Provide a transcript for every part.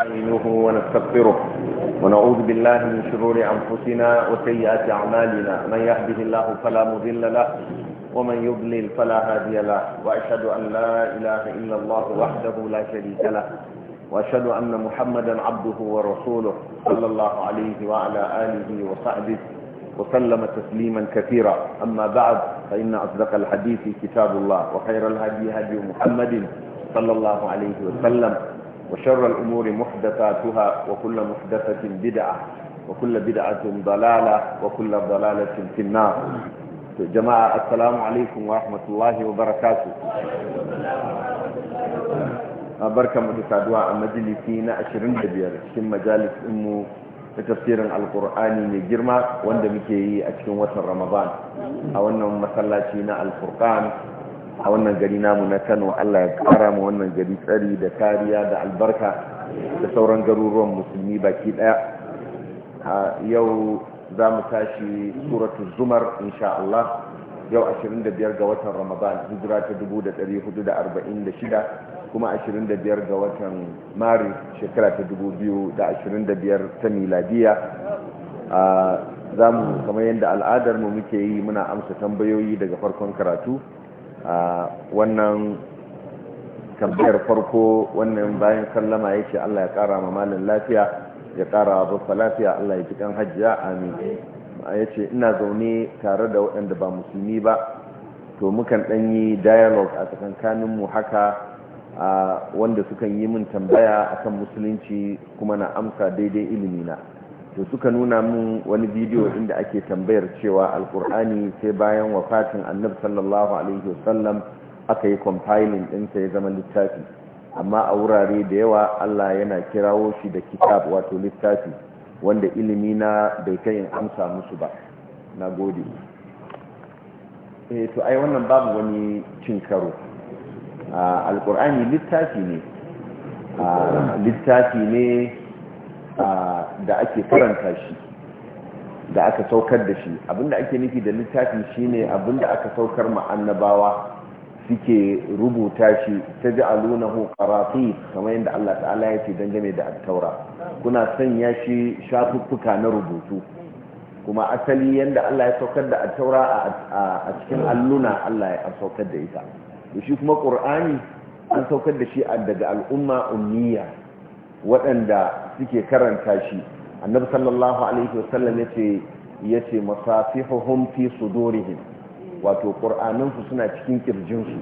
نستعينه ونستغفره ونعوذ بالله من شرور أنفسنا وسيئات أعمالنا من يهده الله فلا مضل له ومن يضلل فلا هادي له وأشهد أن لا إله إلا الله وحده لا شريك له وأشهد أن محمدا عبده ورسوله صلى الله عليه وعلى آله وصحبه وسلم تسليما كثيرا أما بعد فإن أصدق الحديث كتاب الله وخير الهدي هدي محمد صلى الله عليه وسلم وشر الأمور محدثاتها وكل محدثة بدعة وكل بدعة ضلالة وكل ضلالة في النار جماعة السلام عليكم ورحمة الله وبركاته بركة متسادوة مجلسين أشرين دبير كم مجالس أمو تفسير القرآن من جرمة واندمكي أشكين وطن رمضان أو أنهم مسلاتين القرآن a wannan gari namu na kano allah ya kara mu wannan gari tsari da kariya da albarka da sauran garuruwan musulmi baki daya a yau za mu tashi suratul zumar insha allah yau 25 ga watan ramadan hijira ta 1446 kuma 25 ga watan maris shekara ta 2025 ta miladiya za mu kamar yadda al'adar mu muke yi muna amsa tambayoyi daga farkon karatu wannan tambayar farko wannan bayan sallama ya ce Allah ya kara ma malin lafiya ya kara wa lafiya Allah ya ji kan hajjiya amin ya ce ina zaune tare da waɗanda ba musulmi ba to mukan ɗan yi dialogue a tsakankanin mu haka wanda sukan yi min tambaya a kan musulunci kuma na amsa daidai ilimina to suka nuna min wani bidiyo inda ake tambayar cewa alkur'ani sai bayan wafatin annab sallallahu alaihi wasallam aka yi compiling ɗinsa ya zama littafi amma a wurare da yawa Allah yana kirawo shi da kitab wato littafi wanda ilimi na bai kai in amsa musu ba na gode eh to ai wannan babu wani cin karo ah, alkur'ani littafi ne ah, littafi ne da ake karanta shi da aka saukar da shi abinda ake nufi da littafi shine abinda aka saukar ma suke rubuta shi ta ji alunahu karafi kamar yadda Allah ta'ala ya ce dangane da attaura kuna sanya shi shafuffuka na rubutu kuma asali yadda Allah ya saukar da attaura a cikin alluna Allah ya saukar da ita da shi kuma ƙur'ani an saukar da shi daga al'umma ummiya waɗanda suke karanta shi annabi sallallahu alaihi wasallam masafihuhum fi sudurihim wato qur'anin su suna cikin kirjin su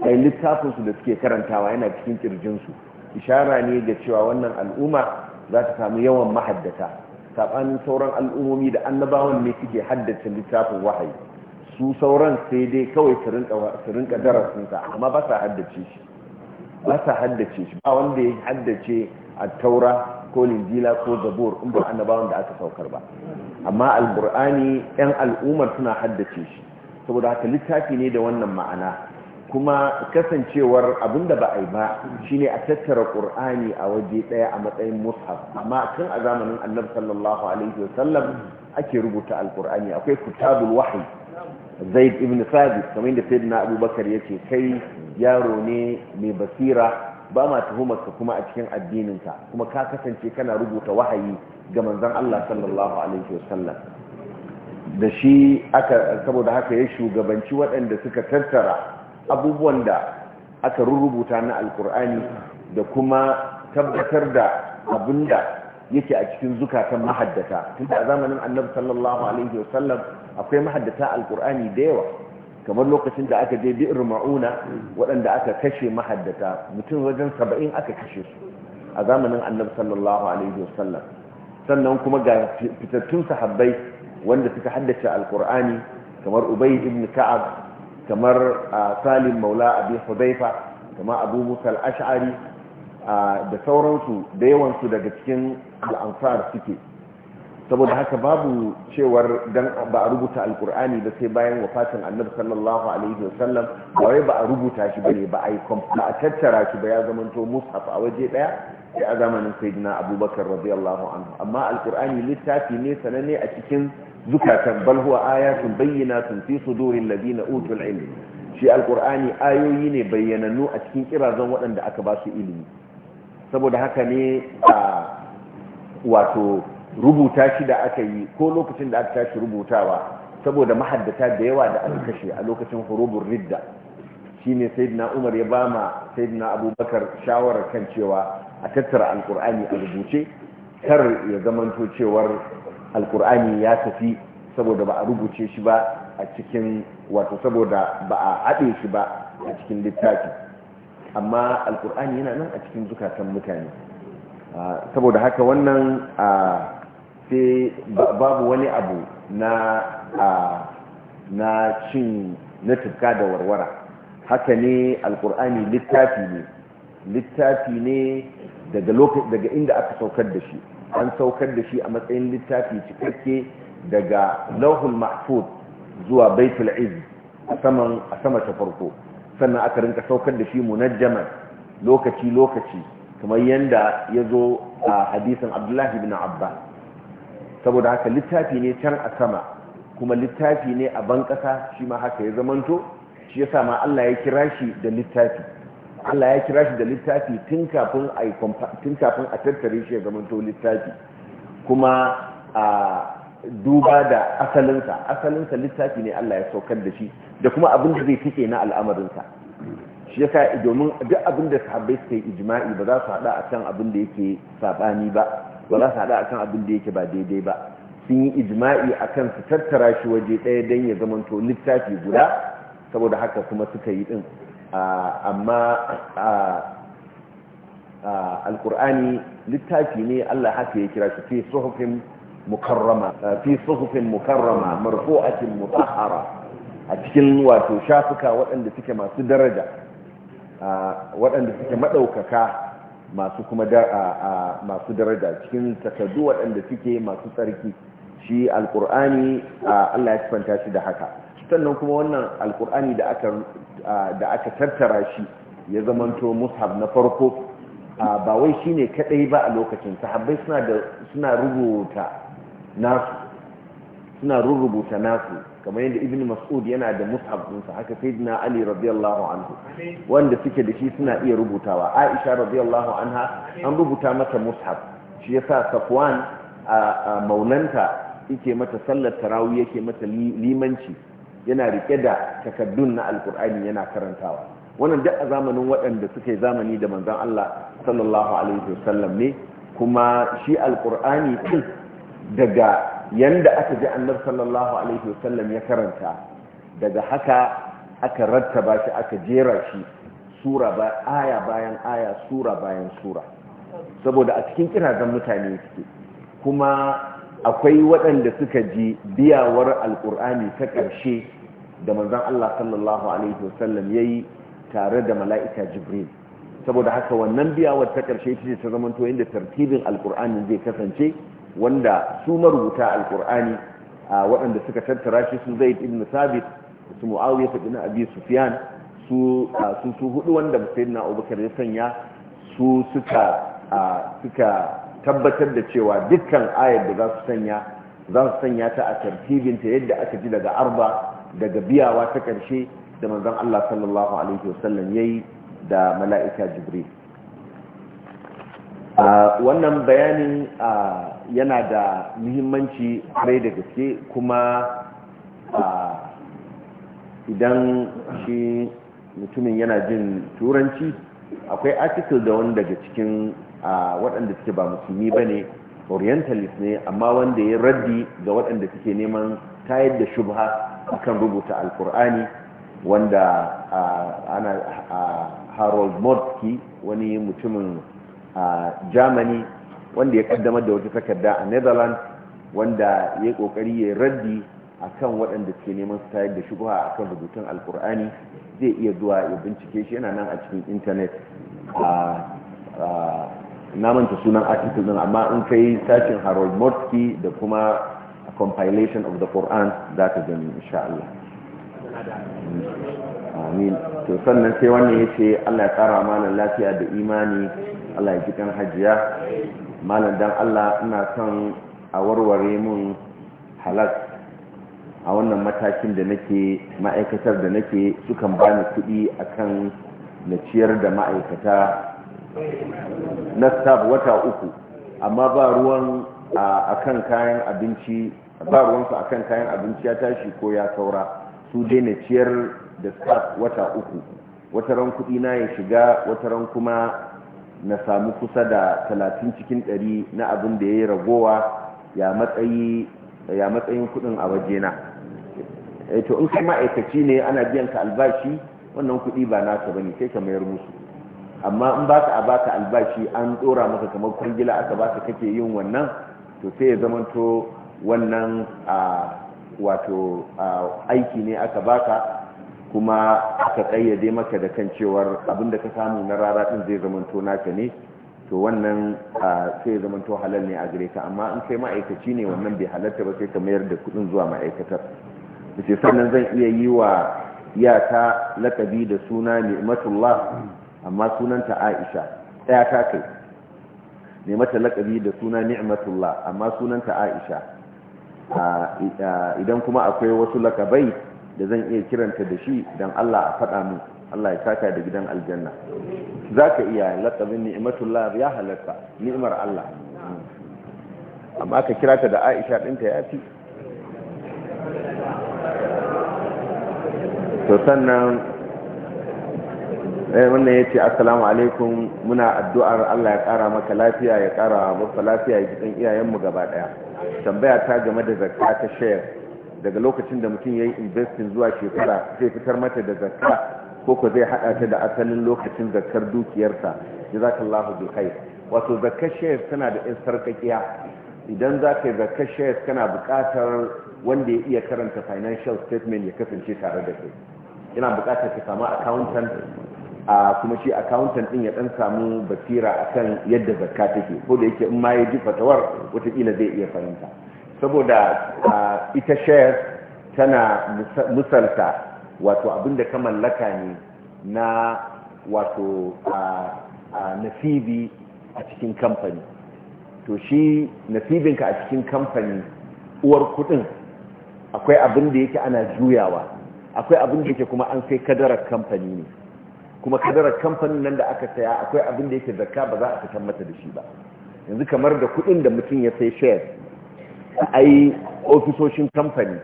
kai littafin su da suke karantawa yana cikin kirjin su ishara ne ga cewa wannan al'umma za ta samu yawan mahaddata sabanin sauran al'ummomi da annabawan ne suke haddace littafin wahayi su sauran sai dai kawai su rinka darasinsa amma ba sa haddace shi ba sa haddace shi ba wanda ya haddace a taura ko linjila ko zabur in ba annabawan da aka saukar ba amma alqur'ani yan al'ummar suna haddace shi saboda haka littafi ne da wannan ma'ana kuma kasancewar da ba a yi ba shine a tattara ƙur'ani a waje ɗaya a matsayin mushaf amma tun a zamanin annabi sallallahu alaihi wasallam ake rubuta alqur'ani akwai kitabul wahyi zaid ibn sabit kamar da sayyidina abubakar yake kai yaro ne mai basira ba ma tuhumar kuma a cikin addininka kuma ka kasance kana rubuta wahayi ga manzon Allah sallallahu alaihi wasallam da shi aka saboda haka ya shugabanci waɗanda suka tattara abubuwan da aka rubuta na alkur'ani da kuma tabbatar da abinda yake a cikin zukatan mahaddata tunda a zamanin annabi sallallahu alaihi wasallam akwai mahaddata alkur'ani da yawa kamar lokacin da aka je bi'ir ma'una waɗanda aka kashe mahaddata mutum wajen saba'in aka kashe su a zamanin annabi sallallahu alaihi wasallam sannan kuma ga fitattun sahabbai wanda suka haddace alkur'ani kamar ubay ibn ka'ab kamar salim maula abi hudayfa kamar abu musa al-ash'ari da sauransu da yawansu daga cikin al-ansar suke saboda haka babu cewar dan ba a rubuta alkur'ani ba sai bayan wafatin annabi sallallahu alaihi wasallam ba ba a rubuta shi bane ba ai yi ba a tattara shi ba ya zamanto mushaf a waje daya sai a zamanin sayyidina abubakar radiyallahu anhu amma alkur'ani littafi ne sananne a cikin zukatan bal huwa ayatun bayyinatun fi suduril ladina utul ilm shi alkur'ani ayoyi ne bayyanannu a cikin kirazan waɗanda aka ba su ilimi saboda haka ne a wato rubuta shi da aka yi ko lokacin da aka tashi rubutawa saboda mahaddata da yawa da aka kashe a lokacin hurubun ridda shine sayyidina Umar ya ba bama sayyidina Abubakar shawarar kan cewa a tattara alkur'ani a rubuce kar ya zamanto cewar alkur'ani ya tafi saboda ba a rubuce shi ba a cikin wato saboda ba a haɗe shi ba a cikin littafi amma alkur'ani yana nan a cikin zukatan mutane ah, saboda haka wannan a ah, sai babu wani abu na na cin na tufka da warwara haka ne alkur'ani littafi ne littafi ne daga inda aka saukar da shi an saukar da shi a matsayin littafi cikakke daga lauhul mahfud zuwa baitul iz a saman sama ta farko sannan aka rinka saukar da shi munajjaman lokaci lokaci kamar yadda ya zo a hadisin abdullahi ibn abbas saboda haka littafi ne can a sama kuma littafi ne a ban kasa shi ma haka ya zamanto shi sa ma Allah ya kira shi da littafi Allah ya kira shi da littafi tun kafin a tattare shi ya zamanto littafi kuma a duba da asalinsa asalinsa littafi ne Allah ya saukar da shi da kuma abin da zai tike na al'amarinsa shi yasa domin duk abin da sahabbai suka yi ijma'i ba za su haɗa a kan abin da yake saɓani ba ba za su haɗa akan abin da yake ba daidai ba sun yi ijma'i akan su tattara shi waje ɗaya don ya zamanto littafi guda saboda haka kuma suka yi ɗin amma alkur'ani littafi ne Allah haka ya kira shi fi suhufin mukarrama fi suhufin mukarrama marfu'atin mutahhara a cikin wato shafuka waɗanda suke masu daraja waɗanda suke maɗaukaka. masu kuma masu daraja cikin takardu waɗanda suke masu tsarki shi alkur'ani Allah ya sifanta shi da haka sannan kuma wannan alkur'ani da aka da tattara shi ya zamanto mushaf na farko ba wai shine kadai ba a lokacin sahabbai suna suna rubuta nasu suna rubuta nasu kamar yadda ibn mas'ud yana da mus'ab ɗinsa haka sayyidina ali radiyallahu anhu wanda suke da shi suna iya rubutawa aisha radiyallahu anha an rubuta mata mus'ab shi yasa safwan a maulanta yake mata sallar tarawih yake mata limanci yana rike da takaddun na alkur'ani yana karantawa wannan duk a zamanin waɗanda suke zamani da manzon Allah sallallahu alaihi wasallam ne kuma shi alkur'ani din daga yanda aka ji annabi sallallahu alaihi wasallam ya karanta daga haka aka rattaba shi aka jera shi sura ba aya bayan aya sura bayan sura saboda a cikin kirazan mutane suke kuma akwai waɗanda suka ji biyawar alkur'ani ta ƙarshe da manzon Allah sallallahu alaihi wasallam yayi tare da mala'ika jibril saboda haka wannan biyawar ta ƙarshe ce ta zamanto inda tartibin alkur'ani zai kasance wanda su marubuta alkur'ani a waɗanda suka tattara shi su zai ibn sabit su muawiya ibn abi sufyan su su su hudu wanda sayyidina abubakar ya sanya su suka tabbatar da cewa dukkan ayar da za su sanya za su sanya ta a tartibin yadda aka ji daga arba daga biyawa ta ƙarshe da manzon Allah sallallahu alaihi wasallam yayi da mala'ika jibril wannan bayanin yana da muhimmanci kwarai da gaske kuma idan shi mutumin yana jin turanci akwai article da wani daga cikin waɗanda suke ba musulmi ba ne orientalist ne amma wanda ya raddi ga waɗanda suke neman tayar da shubha akan rubuta alkur'ani wanda ana harold motski wani mutumin germany wanda ya kaddamar da wata takarda a netherlands wanda ya kokari ya raddi a kan waɗanda ke neman su tayar da a kan rubutun alkur'ani zai iya zuwa ya bincike shi yana nan a cikin intanet a namanta sunan article din amma in kai sashen harold morsky da kuma compilation of the quran za ka gani insha Allah amin to sannan sai wannan ya ce Allah ya tsara malam lafiya da imani Allah ya ji kan hajiya malam dan Allah ina son a warware mun halak a wannan matakin da nake ma'aikatar da nake sukan bani kuɗi akan na ciyar da ma'aikata na sab wata uku amma ba ruwan akan kayan abinci ba ruwansu akan kayan abinci ya tashi ko ya saura su dai na ciyar da sab wata uku wata ran kuɗi na ya shiga wata ran kuma na samu kusa da talatin cikin ɗari na abin da ya yi ragowa ya matsayin kudin a wajena eh, to in kai ma'aikaci ne ana biyan ka albashi wannan kudi ba nasa ne sai ka mayar musu amma in baka a baka albashi an dora maka kamar kwangila aka baka kake yin wannan to sai ya zama to wannan wato aiki ne aka baka kuma aka kayyade maka da kan cewar abinda ka samu na rara din zai zamanto naka ne to wannan sai zamanto halal ne a gare ka amma in kai ma'aikaci ne wannan bai halatta ba sai ka mayar da kudin zuwa ma'aikatar sai sannan zan iya yi wa iyata lakabi da suna ni'matullah amma sunanta Aisha ɗaya ta kai ne mata lakabi da suna ni'matullah amma sunanta Aisha idan kuma akwai wasu lakabai da zan iya kiranta da shi don Allah a faɗa mu Allah ya saka da gidan aljanna za ka iya laƙabin ni'imatullah ya halatta ni'imar Allah amma ka kira ta da aisha ɗinta ya fi to sannan eh, wannan ya ce assalamu alaikum muna addu'ar Allah ya ƙara maka lafiya ya ƙara maka lafiya ya ji iyayenmu gaba ɗaya tambaya ta game da zakka ta shayar daga lokacin da mutum ya yi investin zuwa shekara zai fitar mata da zakka ko ko zai haɗa ta da asalin lokacin zakkar dukiyarsa ya ka bi khair wato zakkar shares tana da yan sarkakiya idan za ka yi zakkar shares kana buƙatar wanda ya iya karanta financial statement ya kasance tare da kai yana buƙatar ka samu accountant a kuma shi accountant din ya dan samu basira akan yadda zakka take ko da yake in ma ya ji fatawar wataƙila zai iya fahimta saboda ita shayar tana musalta wato abinda ka mallaka ne na wato nasibi a cikin kamfani to shi nasibinka a cikin kamfani uwar kudin akwai abin da yake ana juyawa akwai abin da yake kuma an sai kadarar kamfani ne kuma kadarar kamfanin nan da aka saya akwai abin da yake zakka ba za a fitar mata da shi ba yanzu kamar da kudin da mutum ya sai shares ai ofisoshin kamfani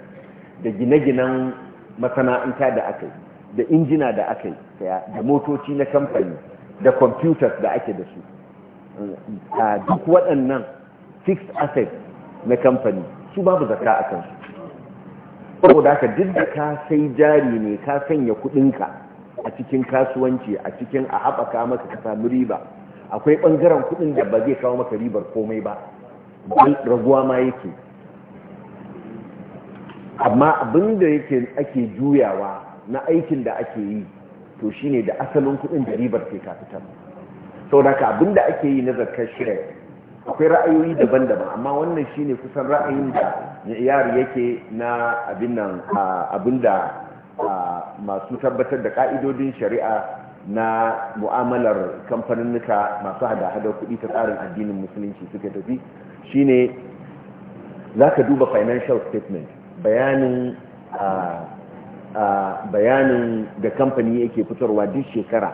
da gine-ginen masana'anta da aka yi da injina da aka yi da motoci na kamfani da computers da ake da su a duk waɗannan fixed assets na kamfani su babu zaka a kansu saboda haka duk da ka sai jari ne ka sanya kudinka a cikin kasuwanci a cikin a haɓaka maka ka samu riba akwai ɓangaren kudin da ba zai kawo maka ribar komai ba raguwa ma yake amma abin da yake ake juyawa na aikin da ake yi to shine da asalin kudin da ribar ke kafita sau da ka abin da ake yi na zakar shirin akwai ra'ayoyi daban-daban amma wannan shine kusan ra'ayin da yari yake na abin da masu tabbatar da ka'idodin shari'a na mu'amalar kamfaninnika masu hada-hada kuɗi ta tsarin addinin musulunci suka tafi shine za ka duba financial statement bayanin bayanin da kamfani yake fitarwa duk shekara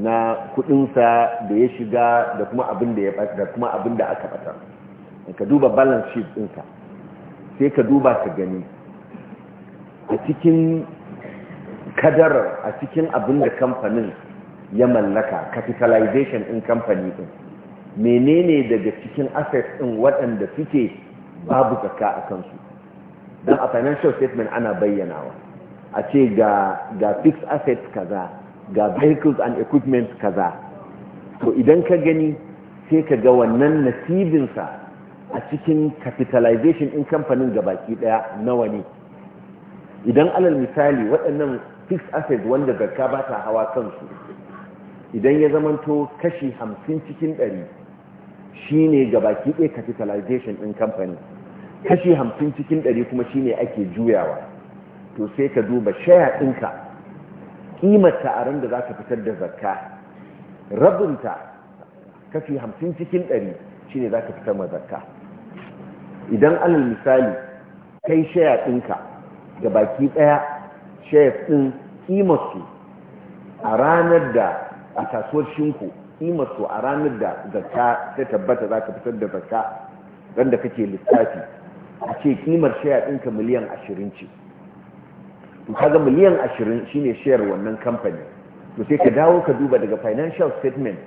na kudinsa da ya shiga da kuma abin da ya da kuma abin da aka batar ka duba balance sheet ɗinka sai ka duba ka gani a cikin kadar a cikin abin da kamfanin ya mallaka capitalization in kamfani ɗin menene daga cikin assets ɗin waɗanda suke babu zakka a kansu don a financial statement ana bayyanawa a ce ga fixed assets kaza ga vehicles and equipment kaza to idan ka gani sai ka ga wannan nasibinsa a cikin capitalization in kamfanin gabaki daya nawa ne idan alal misali waɗannan fixed assets wanda zakka ba ta hawa kansu idan ya zamanto kashi hamsin cikin ɗari shi ne gabaki ɗaya capitalization in kamfanin kashi hamsin cikin ɗari kuma shi ne ake juyawa to sai ka duba shaya ɗinka ƙimar ta'arin da za ka fitar da zakka rabinta kashi hamsin cikin ɗari shi ne za ka fitar ma zakka idan alal misali kai shaya ɗinka ga baki ɗaya shaya ɗin ƙimarsu a ranar da a kasuwar shinku ƙimarsu a ranar da zakka ta tabbata za ka fitar da zakka ran kake lissafi a ce kimar shaya ɗinka miliyan ashirin ce to kaga miliyan ashirin shine shayar wannan kamfani to sai ka dawo ka duba daga financial statement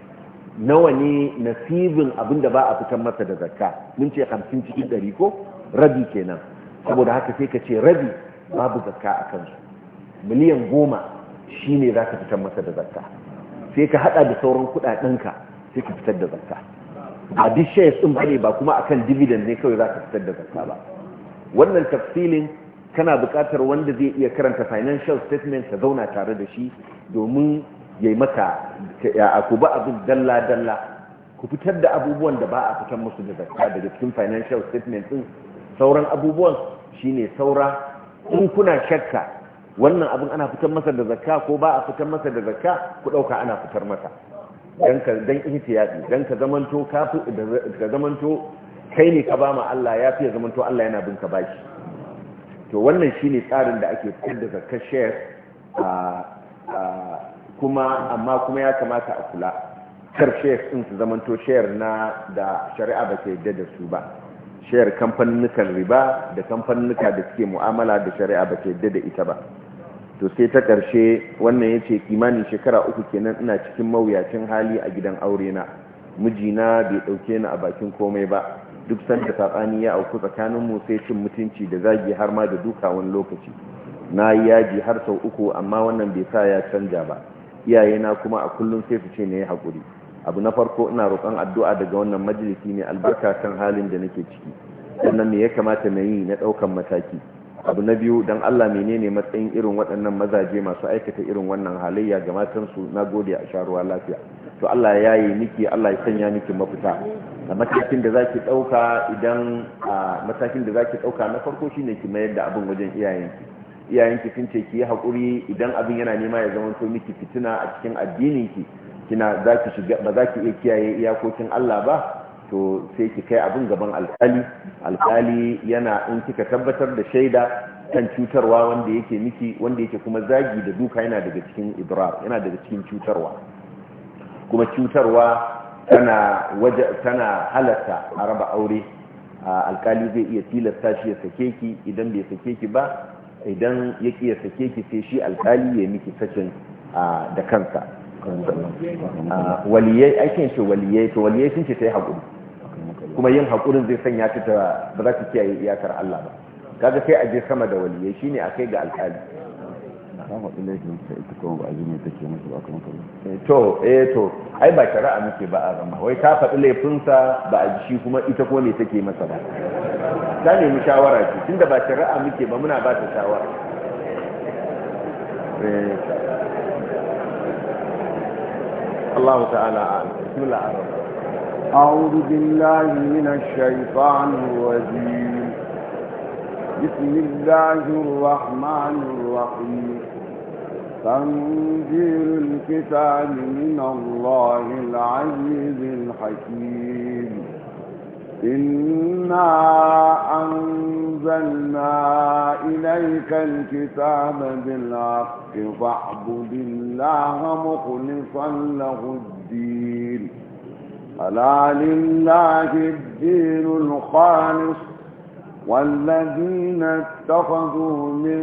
nawa ne nasibin abin da ba a fitan masa da zakka mun ce hamsin cikin ɗari ko rabi kenan saboda haka sai ka ce rabi babu zakka a kansu miliyan goma shine za ka fitan masa da zakka sai ka haɗa da sauran kuɗaɗenka sai ka fitar da zakka a duk shares sun bane ba kuma akan dividend ne kawai za zaka fitar da zakka ba wannan tafsilin kana buƙatar wanda zai iya karanta financial statement ka zauna tare da shi domin ya yi maka ku ba abin dalla dalla ku fitar da abubuwan da ba a fitar musu da zakka daga cikin financial statement din sauran abubuwan shine saura in kuna shakka wannan abin ana fitar masa da zakka ko ba a fitar masa da zakka ku ɗauka ana fitar masa dan ka ihtiyadi dan ka zamanto kafi ka zamanto kai ne ka ba ma Allah ya fi zamanto Allah yana bin ka bashi to wannan shine tsarin da ake fitar da zakka share a kuma amma kuma ya kamata a kula kar share din su zamanto share na da shari'a ba ta yadda da su ba share kamfanin riba da kamfanin da suke mu'amala da shari'a ba ta yadda da ita ba to sai ta ƙarshe wannan ya ce kimanin shekara uku kenan ina cikin mawuyacin hali a gidan aure na mijina bai ɗauke ni a bakin komai ba duk sanda saɓani ya auku tsakaninmu sai cin mutunci da zagi har ma da duka wani lokaci na yi yaji har sau uku amma wannan bai sa ya canja ba iyayena kuma a kullum sai su ce na yi haƙuri abu na farko ina roƙon addu'a daga wannan majalisi ne albarka kan halin da nake ciki sannan me ya kamata na yi na ɗaukan mataki abu na biyu don Allah menene matsayin irin waɗannan mazaje masu aikata irin wannan halayya ga matansu na gode a sharuwa lafiya to Allah ya yi miki Allah ya sanya miki mafita a matakin da zaki ɗauka idan a matakin da zaki ɗauka na farko shine ki mayar da abin wajen iyayenki iyayenki sun ce ki yi haƙuri idan abin yana nema ya zama to miki fitina a cikin addininki kina zaki shiga ba za ki iya kiyaye iyakokin Allah ba to sai ki kai abin gaban alkali alkali yana in kika tabbatar da shaida kan cutarwa wanda yake miki wanda yake kuma zagi da duka yana daga cikin idrar yana daga cikin cutarwa kuma cutarwa tana waje tana halatta a raba aure alkali zai iya tilasta shi ya sake ki idan bai sake ki ba idan ya ya sake ki sai shi alkali ya miki sakin da kansa waliyai aikin shi waliyai to waliyai sun ce ta yi haƙuri kuma yin haƙurin zai sanya ta ba za ta kiyaye iyakar Allah ba kaga sai a je sama da waliyai shine a kai ga alƙali kama ilahi ta ita kuma ba azumi take masa ba kuma kuma eh to eh to ai ba shari'a muke ba a zama wai ta faɗi laifinsa ba a shi kuma ita kuma me take masa ba ta nemi shawara ce tunda ba shari'a muke ba muna ba ta shawara eh, Allah ta'ala a bismillah أعوذ بالله من الشيطان الرجيم بسم الله الرحمن الرحيم تنزيل الكتاب من الله العزيز الحكيم إنا أنزلنا إليك الكتاب بالحق فاعبد الله مخلصا له الدين ألا لله الدين الخالص والذين اتخذوا من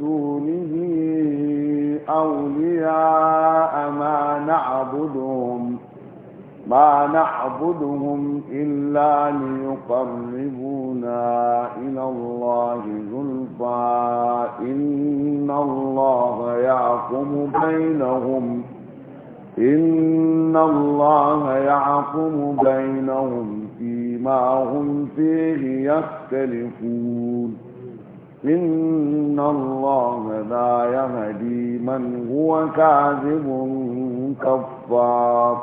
دونه أولياء ما نعبدهم ما نعبدهم إلا ليقربونا إلى الله زلفى إن الله يعقم بينهم إن الله يعقم بينهم فيما هم فيه يختلفون إن الله لا يهدي من هو كاذب كفار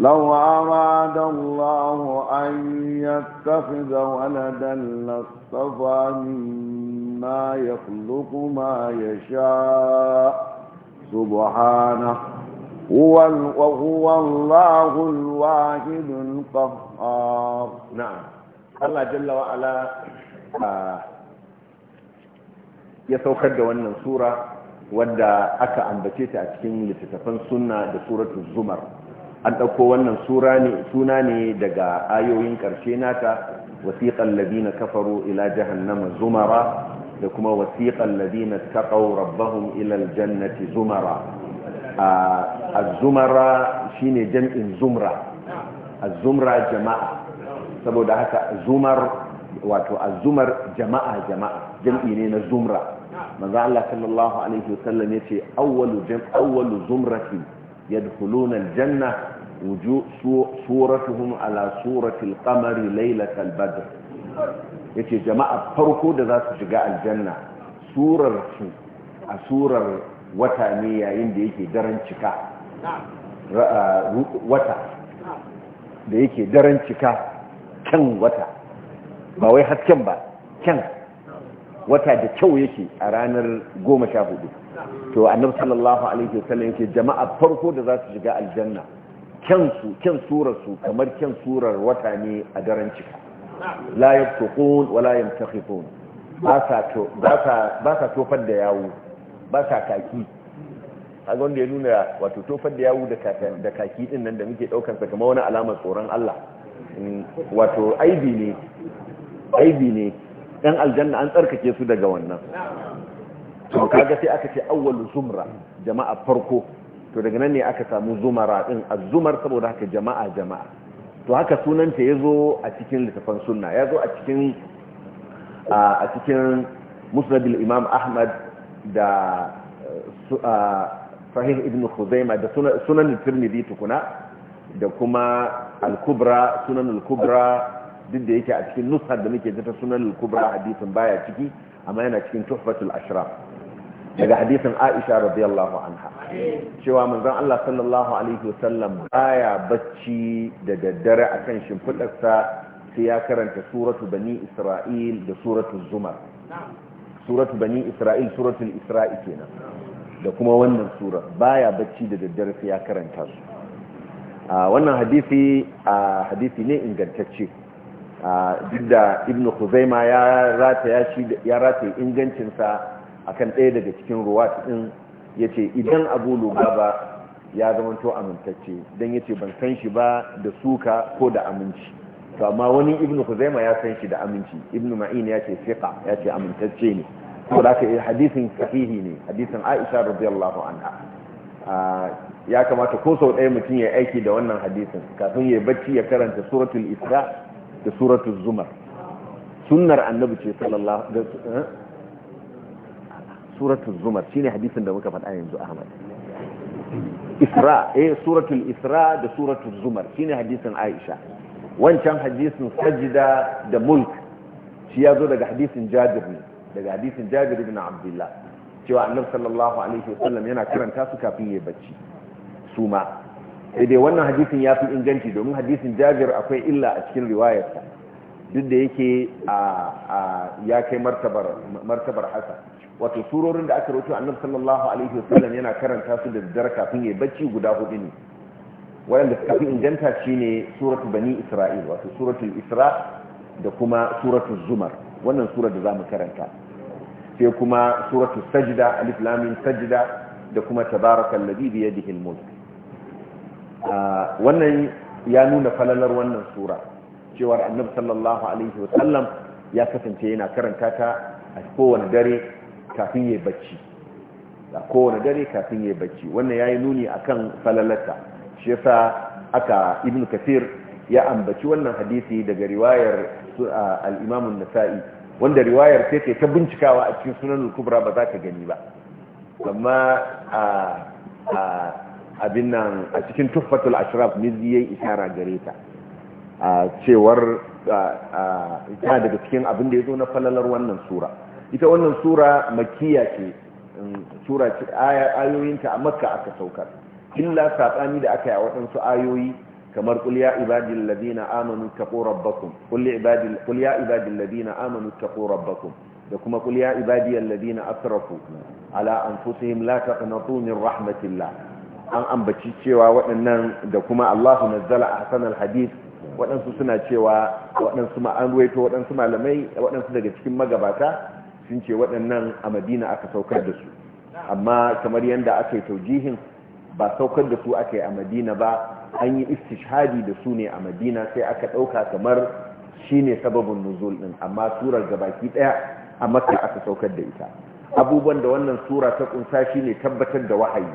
لو أراد الله أن يتخذ ولدا لاصطفى مما يخلق ما يشاء سبحانه وهو الله الواحد القهار نعم الله جل ya saukar da wannan sura wadda aka ambace ta a cikin littattafan sunna da suratul zumar an ɗauko wannan suna ne daga ayoyin ƙarshe nata wasiƙan ladina kafaru ila nama zumara da kuma wasiƙan ladina taqaw rabbahum ila aljannati zumara ah, az shine jam'in zumra azumra jama'a saboda haka zumar wato azumar jama'a jama'a jam'i ne na zumra manzo Allah sallallahu alaihi wasallam yace awwalu jam awwalu zumrati yadkhuluna al-janna suratuhum ala surati qamari laylat badr yace jama'a farko da za su shiga aljanna surar su a surar wata ne yayin da yake daren cika wata da yake daren cika kyan wata ba wai hasken ba kyan wata da kyau yake a ranar goma sha hudu to annabi sallallahu alaihi wasallam yake jama'a farko da za su shiga aljanna kyansu kyan surarsu kamar kyan surar wata ne a daren cika la tukun wala yamtakhifun ba ba sa tofar da yawo ba sa kaki kaga wanda ya nuna wato tofar da yawu da kaki din nan da muke daukar sa kamar wani alamar tsoron Allah wato aibi ne aibi ne dan aljanna an tsarkake su daga wannan to kaga sai aka ce awwalu zumra jama'a farko to daga nan ne aka samu zumara din azumar zumar saboda haka jama'a jama'a to haka sunanta yazo a cikin littafin sunna yazo a cikin a cikin musnad al-imam ahmad da sahih ibn khuzaimah da sunan tirmidhi tukuna da kuma al-kubra sunan al-kubra duk da yake a cikin nusar da muke ta sunan al-kubra hadisin baya ciki amma yana cikin tuhfatul ashraf daga hadisin Aisha radiyallahu anha cewa manzon Allah sallallahu alaihi wasallam baya bacci da daddare akan shimfidarsa sai ya karanta suratu bani Isra'il da suratu Zumar suratu bani Isra'il suratul Isra'i kenan da kuma wannan sura baya bacci da daddare sai ya karanta su a wannan hadisi a hadisi ne ingantacce a duk da ibnu khuzaima ya ya shi ya rata ingancin sa akan ɗaya daga cikin ruwat din yace idan abu lugaba ya zamanto amintacce dan yace ban san shi ba da suka ko da aminci to amma wani ibnu khuzaima ya san shi da aminci ibnu ma'in yace fiqa yace amintacce ne saboda haka eh, hadisin sahihi ne hadisin Aisha radiyallahu anha ah, ya kamata ko sau ɗaya mutum ya aiki da wannan hadisin kafin ya bacci ya karanta suratul isra da suratul zumar sunnar annabi ce sallallahu da eh, suratul zumar shine hadisin da muka faɗa yanzu ahmad isra eh suratul isra da suratul zumar shine hadisin aisha wancan hadisin sajida da mulk shi ya zo daga hadisin jabir ne daga hadisin jabir ibn abdullah cewa annabi sallallahu alaihi wasallam yana karanta su kafin ya bacci su ma sai dai wannan hadisin ya fi inganci domin hadisin jabir akwai illa a cikin riwayarsa duk da yake ya kai martabar hasan wato surorin da aka rubuta annabi sallallahu alaihi wasallam yana karanta su da daddare kafin ya bacci guda hudu ne waɗanda suka fi inganta shine suratul bani isra'il wato suratul isra da kuma suratul zumar wannan sura da zamu karanta sai kuma suratu sajda alif lamin sajda da kuma tabarakal ladhi bi yadihi al ah, wannan ya nuna falalar wannan sura cewar annabi sallallahu alaihi wa sallam ya kasance yana karanta ta a kowane dare kafin yayi bacci a kowane dare kafin yayi bacci wannan yayi nuni akan falalarta shi yasa aka ibnu kathir ya ambaci wannan hadisi daga riwayar ah, al-imam an-nasa'i wanda riwayar sai ce ta bincikawa a cikin sunan kubra ba za ka gani ba amma a abin nan a cikin tuffatul ashraf mizi yayi isara gare ta a cewar ta daga cikin abin da ya zo na falalar wannan sura ita wannan sura makiya ce sura ce ayoyinta a makka aka saukar illa sabani da aka yi a waɗansu ayoyi kamar kul ya ibadil ladina amanu taqu rabbakum kul ibadil kul ya ibadil ladina amanu taqu rabbakum da kuma kul ya ibadiyal ladina asrafu ala anfusihim la taqnatu min rahmatillah an ambaci cewa waɗannan da kuma Allahu nazzala ahsanal hadith waɗansu suna cewa waɗansu an ruwaito waɗansu malamai waɗansu daga cikin magabata sun ce waɗannan a madina aka saukar da su amma kamar yadda aka yi taujihin ba saukar da su aka yi a madina ba an yi istishhadi da su ne a madina sai aka ɗauka kamar shi ne sababin nuzul ɗin amma surar gabaki ɗaya a makka aka saukar da ita abubuwan da wannan sura ta kunsa shi ne tabbatar da wahayi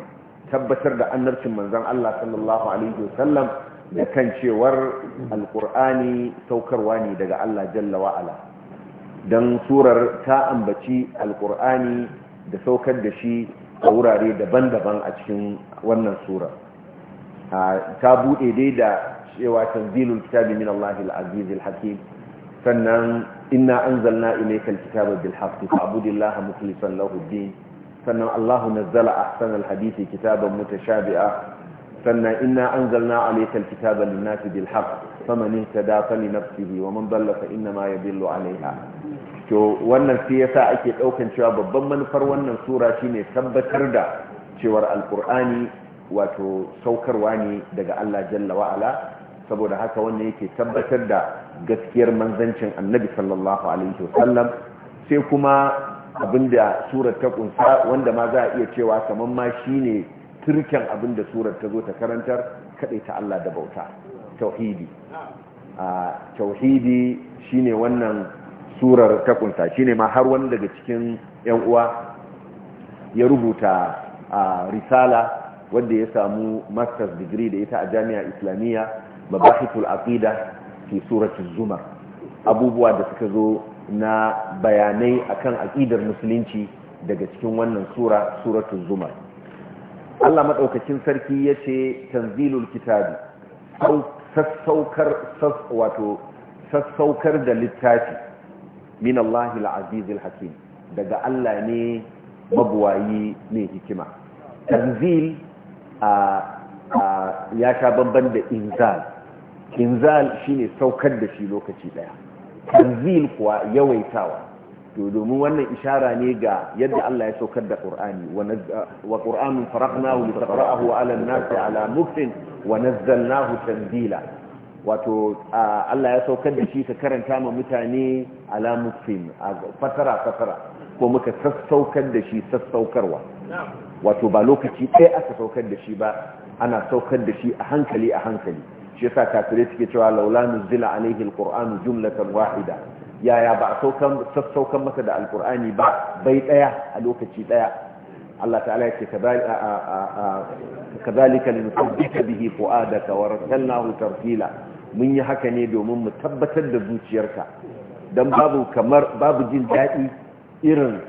tabbatar da annarcin manzan Allah sallallahu alaihi wasallam da kan cewar alkur'ani saukarwa ne daga Allah jalla wa'ala don surar ta ambaci alkur'ani da saukar da shi a wurare daban-daban a cikin wannan surar ta buɗe dai da cewa tanzilul kitabi min Allahil azizil hakim sannan inna anzalna ilaykal kitaba bil haqqi fa'budillaha mukhlishan lahu din sannan Allahu nazzala ahsanal hadithi kitaban mutashabi'a sannan inna anzalna alaykal kitaba lin-nasi bil haqq faman ihtada falinafsihi wa man dalla fa inna ma yadillu 'alayha to wannan sai yasa ake daukan cewa babban manufar wannan sura shine tabbatar da cewar alqur'ani wato saukarwa ne daga Allah jalla wa'ala saboda haka wannan yake tabbatar da gaskiyar manzancin annabi sallallahu alaihi wasallam sai kuma abinda surar ta kunsa wanda ma za a iya cewa kaman ma shine turken abinda surar ta zo ta karantar ta Allah da bauta tauhidi a tauhidi shine wannan surar ta kunsa shine ma har wani daga cikin yan uwa ya rubuta risala wanda ya samu master's degree da ita a jami'a islamiyya mabahitul aqida fi suratul zumar abubuwa da suka zo na bayanai akan aqidar musulunci daga cikin wannan sura suratu zumar Allah madaukakin sarki yace tanzilul kitabi sassaukar wato sassaukar da littafi min Allahil azizil hakim daga Allah ne mabuwayi ne hikima tanzil ya sha banban da inzal inzal shine saukar da shi lokaci daya tanzil kuwa yawaitawa to domin wannan ishara ne ga yadda Allah ya saukar da Qur'ani wa Qur'anun faraqnahu li taqra'ahu 'ala an-nasi 'ala muktin wa nazzalnahu tanzila wato Allah ya saukar da shi ka karanta ma mutane 'ala muktin fatara fatara ko muka sassaukar da shi sassaukarwa wato ba lokaci ɗaya aka saukar da shi ba ana saukar da shi a hankali a hankali shi yasa kafirai suke cewa laula nuzila alaihi alqur'anu jumlatan wahida yaya ba a saukan sassaukan masa da alqur'ani ba bai ɗaya a lokaci ɗaya Allah ta'ala yake kadhalika linusabbita bihi fuadaka wa rasalnahu tartila mun yi haka ne domin mu tabbatar da zuciyarka dan babu kamar babu jin daɗi irin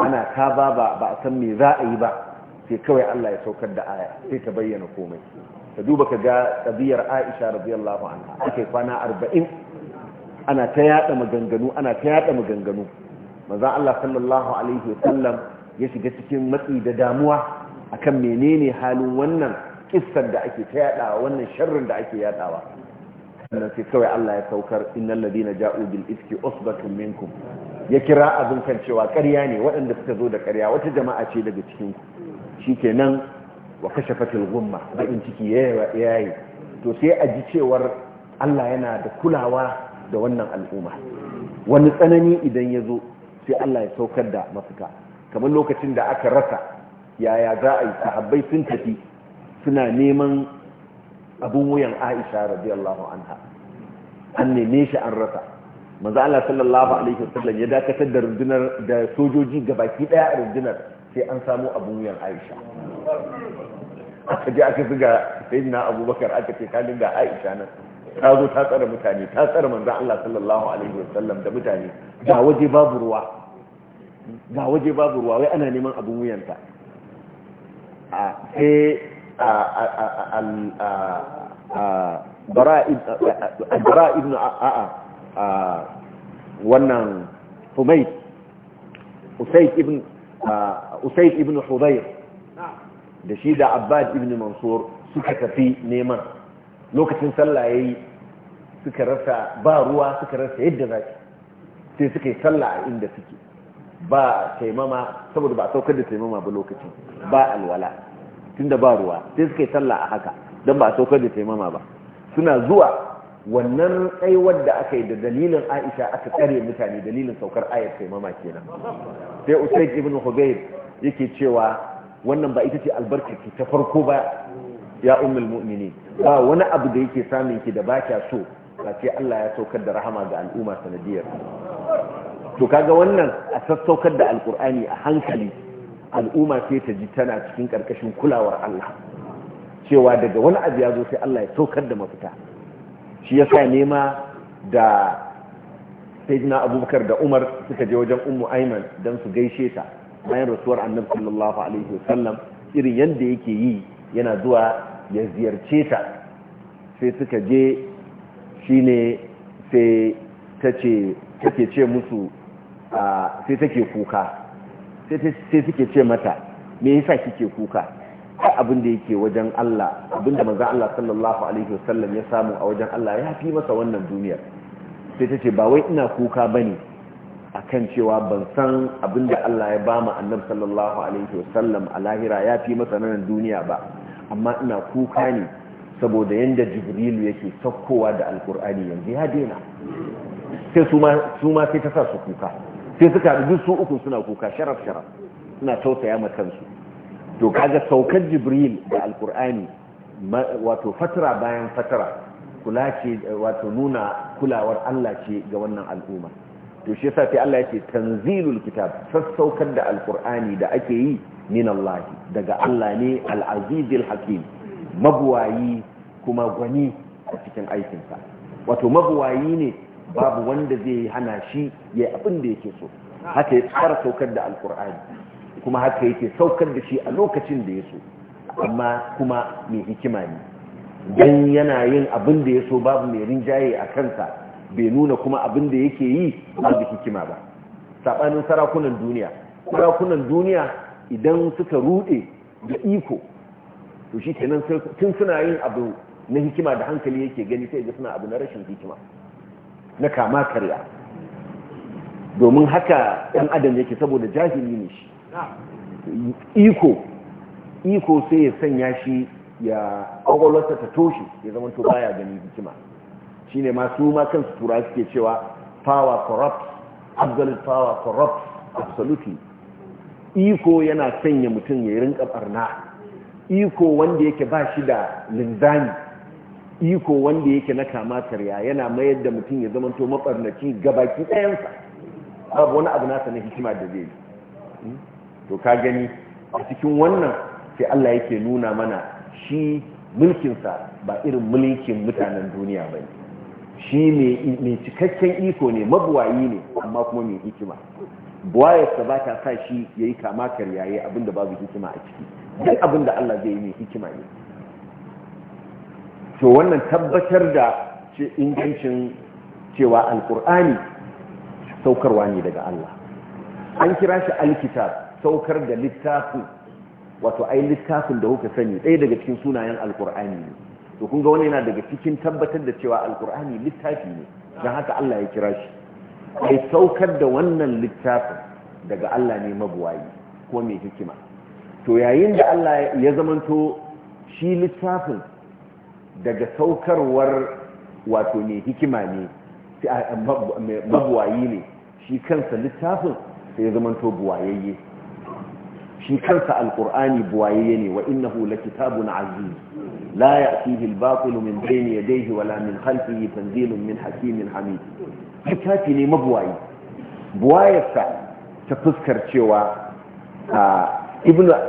ana ta ba ba a san me za a yi ba sai kawai Allah ya saukar da aya sai ta bayyana komai ka duba ka ga tsabiyar Aisha radiyallahu anha ake kwana arba'in ana ta yada maganganu ana ta yada maganganu Maza Allah sallallahu alaihi wasallam ya shiga cikin matsi da damuwa akan menene halin wannan kissar da ake ta yadawa wannan sharrin da ake yadawa sannan sai kawai Allah ya saukar innal ladina ja'u bil iski usbatun minkum ya kira abin kan cewa ƙarya ne waɗanda suka zo da ƙarya wata jama'a ce daga cikin ku shikenan wa kashe fatil gumma bakin ciki ya yi to sai a ji cewar Allah yana da kulawa da wannan al'umma wani tsanani idan ya zo sai Allah ya saukar da mafita kamar lokacin da aka rasa yaya za a yi sahabbai sun tafi suna neman abun wuyan Aisha radiyallahu anha an neme shi an rasa manzo Allah sallallahu alaihi wasallam ya dakatar da rundunar da sojoji gabaki daya a rundunar sai an samu abun wuyan aisha aka ji aka zuga sayyidina abubakar aka ce ka dinga aisha nan ta zo ta tsara mutane ta tsara manzon Allah sallallahu alaihi wasallam da mutane ga waje babu ruwa ga waje babu ruwa wai ana neman abun wuyanta a sai bara ibn a'a wannan humayt usayd ibn usaid ibn hudayr da shi da abbad ibn mansur suka tafi neman lokacin sallah yayi suka rasa ba ruwa suka rasa yadda zaki sai suka yi sallah a inda suke ba taimama saboda ba saukar da taimama ba lokacin ba alwala tunda ba ruwa sai suka yi sallah a haka don ba saukar da taimama ba suna zuwa wannan aiwar da aka yi da dalilin aisha aka tsare mutane dalilin saukar ayar mama kenan sai usaid ibn hubayr yake cewa wannan ba ita ce albarkarki ta farko ba ya ummul mu'minin ba wani abu da yake samun ki da ba kya so ba sai Allah ya saukar da rahama ga al'umma sanadiyar to kaga wannan a sassaukar da alkur'ani a hankali al'umma sai ta ji tana cikin karkashin kulawar Allah cewa daga wani abu ya zo sai Allah ya saukar da mafita shi ya sa nema da sayyidina abubakar da umar suka je wajen ummu aiman don su gaishe ta bayan rasuwar annabi sallallahu alaihi wasallam irin yadda yake yi yana zuwa ya ziyarce ta sai suka je shine sai tace take ce musu sai take kuka sai suke ce mata me yasa kike kuka ai abin da yake wajen Allah abin da manzo Allah sallallahu alaihi wasallam ya samu a wajen Allah ya fi masa wannan duniyar sai ta ce ba wai ina kuka bane akan cewa ban san abin da Allah ya bama annabi sallallahu alaihi wasallam a lahira ya fi masa nan duniya ba amma ina kuka ne saboda yanda jibrilu yake sakkowa da alkur'ani yanzu ya daina sai su ma sai ta sa su kuka sai suka duk su uku suna kuka sharaf sharaf suna tausaya ma kansu to kaga saukar jibril da alkur'ani wato fatara bayan fatara kula ce wato nuna kulawar Allah ce ga wannan al'umma to shi yasa sai Allah yake tanzilul kitab sassaukar da alkur'ani da ake yi min daga Allah ne al-azizil hakim mabuwayi kuma gwani a cikin aikinsa wato mabuwayi ne babu wanda zai hana shi ya abin da yake so haka ya tsara saukar da alkur'ani kuma haka yake saukar da shi a lokacin da ya so amma kuma mai hikima ne don yana yin abin da ya so babu mai rinjaye a kansa bai nuna kuma abin da yake yi babu hikima ba saɓanin sarakunan duniya sarakunan duniya idan suka rude da iko to shi kenan tun suna yin abu na hikima da hankali yake gani sai ga suna abu na rashin hikima na kama karya domin haka ɗan adam yake saboda jahili ne shi iko iko sai ya sanya shi ya kwakwalwarsa ta toshe ya zama to baya gani hikima shine ne masu ma kansu tura suke cewa power corrupt absolute power corrupt absolutely iko yana sanya mutum ya yi rinka barna iko wanda yake ba shi da linzani iko wanda yake na kama karya yana mayar da mutum ya zama to mabarnaci gabaki ɗayansa babu wani abu nasa na hikima da zai yi hmm? to ka gani a cikin wannan sai Allah yake nuna mana shi mulkinsa ba irin mulkin mutanen duniya ba ne shi mai cikakken iko ne mabuwayi ne amma kuma mai hikima buwayarsa ba ta sa shi ya yi kama karyaye abinda babu hikima a ciki duk abinda Allah zai yi mai hikima ne to wannan tabbatar da ingancin cewa alkur'ani saukarwa ne daga Allah an kira shi alkitab saukar da littafin wato ai littafin da kuka sani ɗaya daga cikin sunayen alkur'ani ne to kun ga wani yana daga cikin tabbatar da cewa alkur'ani littafi ne don haka Allah ya kira shi ai saukar da wannan littafin daga Allah ne mabuwayi ko mai hikima to yayin da Allah ya zamanto shi littafin daga saukarwar wato mai hikima ne mabuwayi ne shi kansa littafin sai ya zamanto buwayayye shi kansa Alkur'ani buwaye ne wa innahu kitabun aziz la ya'tihi al-batil min bayni yadayhi wala min khalfihi tanzilun min hakimin hamid littafi ne buwaye. buwayarsa ta fuskar cewa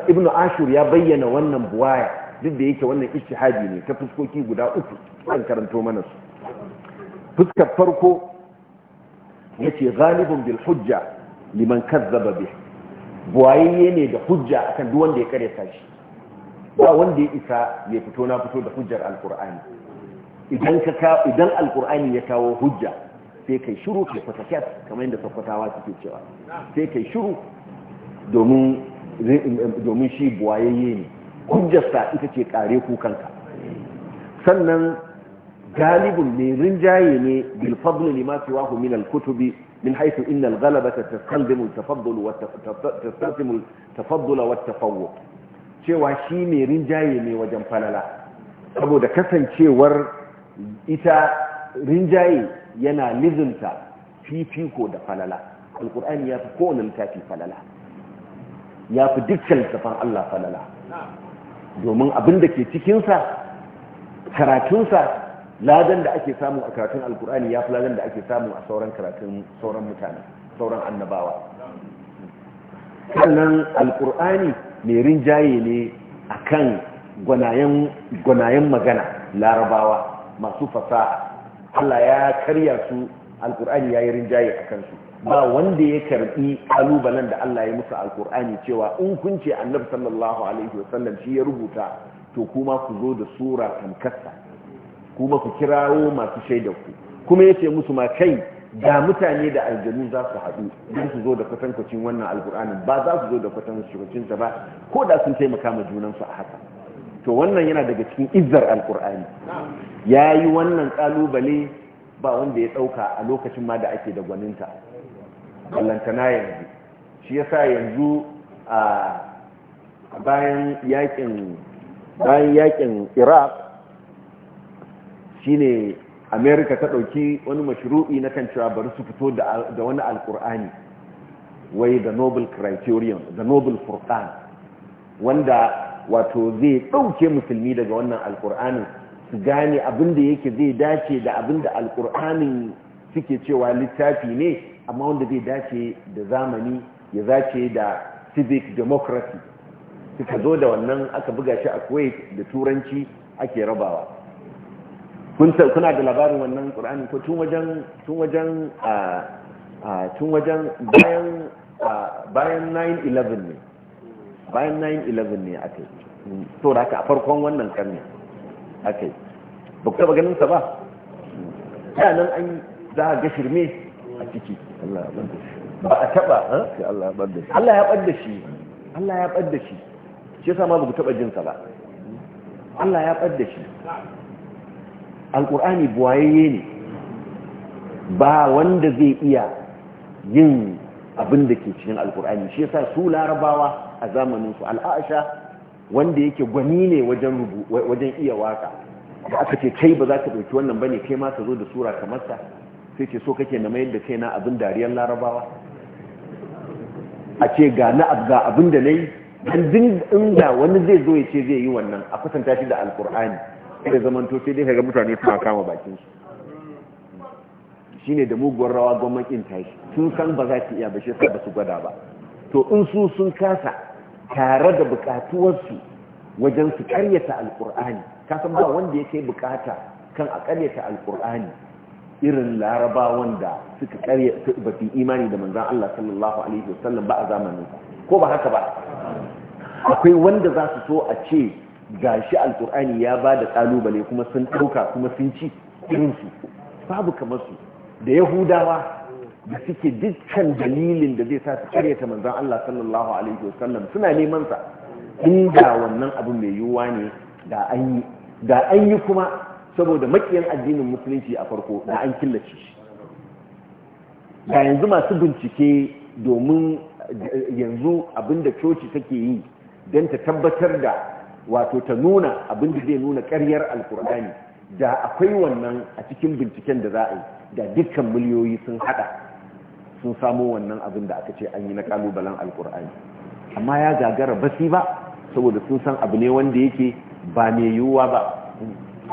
ibnu ashur ya bayyana wannan buwaya duk da yake wannan ishihadi ne ta fuskoki guda uku an karanto mana su fuskar farko yace ce galibin bilhujja liman kazzaba bih buwayayye ne da hujja akan duk wanda ya kare shi ba wanda ya isa ya fito na fito da hujjar alkur'ani idan ka idan alkur'ani ya kawo hujja sai kai shiru kai kyat kamar yadda sakwatawa suke cewa sai kai shiru domin domin shi buwayayye ne hujjarsa ita ce kare kukanka sannan galibin mai rinjaye ne bilfadlu lima siwahu min kutubi. من حيث إن الغلبة تستلزم التفضل وتستلزم التفضل والتفوق cewa shi ne rinjaye ne wajen falala saboda kasancewar ita rinjaye yana lizinta fifiko da falala Alƙur'ani ya fi kowane littafi falala ya fi dukkan littafin Allah falala domin abin da ke cikinsa karatunsa ladan da ake samu a karatun alkur'ani ya fi ladan da ake samu a sauran karatun sauran mutane sauran annabawa sannan alkur'ani mai rinjaye ne a kan gwanayen magana larabawa masu fasaha allah ya karya su alkur'ani ya yi rinjaye a kansu ba wanda ya karbi kalubalen da allah ya musu alkur'ani cewa in kun ce annabi sallallahu alaihi wasallam shi ya rubuta to kuma ku zo da sura tamkasta kuma ku kirawo masu shaida ku kuma yace musu ma kai da mutane da aljanu za su haɗu don su zo da kwatankwacin wannan alƙur'ani ba za su zo da kwatankwacin ta ba ko da sun taimaka ma junansu a haka to wannan yana daga cikin izzar Alƙur'ani. ya yi wannan ƙalubale, ba wanda ya ɗauka a lokacin ma da ake da gwaninta ballantana yanzu shi ya sa yanzu a bayan yakin iraq shine america ta dauki wani mashru'i na kan cewa bari su fito da wani alkur'ani wai the noble criterion the noble furqan wanda wato zai dauke musulmi daga wannan alkur'anin su gane abinda yake zai dace da abinda da alkur'anin suke cewa littafi ne amma wanda zai dace da zamani ya zace da civic democracy suka zo da wannan aka buga shi a kuwait da turanci ake rabawa kuna da labarin wannan qur'ani ko tun wajen tun wajen tun wajen bayan bayan 9/11 ne bayan 9/11 ne aka yi to hmm. da aka a farkon wannan karni aka ba ku taba ganin sa ba hmm. nan an za a ga shirme a ciki Allah ya bada shi ba a taba Allah ya bada shi Allah ya bada shi Allah ya bada shi shi yasa ma ba ku taba jin sa ba Allah ya bada shi alkur'ani buwayayye ne ba wanda zai iya yin abin da ke cikin alkur'ani shi yasa su larabawa a zamaninsu al'asha wanda yake gwani ne wajen iya waka da aka ce kai ba za ka ɗauki wannan ba ne kai ma ka zo da sura kamar ta sai ce so kake na mayar da kai na abin dariyar larabawa a ce ga na abin da na yi in wani zai zo ya ce zai yi wannan a kusanta shi da alkur'ani da zaman sai dai ga mutane suna kama bakin su shine da muguwar rawa gwamnatin tashi sun san ba za su iya ba shi ba su gwada ba to in su sun kasa tare da bukatuwarsu wajen su karyata alkur'ani kasan ba wanda ya kai bukata kan a karyata alkur'ani irin larabawan da suka karya ba fi imani da manzan Allah sallallahu alaihi wasallam ba a zamanin ko ba haka ba akwai wanda za su so a ce gashi Alƙur'ani ya ba da ƙalubale kuma sun ɗauka kuma sun ci irinsu babu kamar su da yahudawa da suke dukkan dalilin da zai sa su karyata manzon Allah sallallahu alaihi wasallam suna neman sa inda wannan abu mai yiwuwa ne da an yi da an yi kuma saboda makiyan addinin musulunci a farko da an killace shi ga yanzu masu bincike domin eh, yanzu abinda coci take yi don ta tabbatar da wato ta nuna abin da zai nuna karyar alkur'ani da akwai wannan a cikin binciken da za a yi da dukkan miliyoyi sun hada sun samo wannan abin da aka ce an yi na kalubalen alkur'ani amma ya gagara basi ba saboda sun san abu ne wanda yake ba mai yiwuwa ba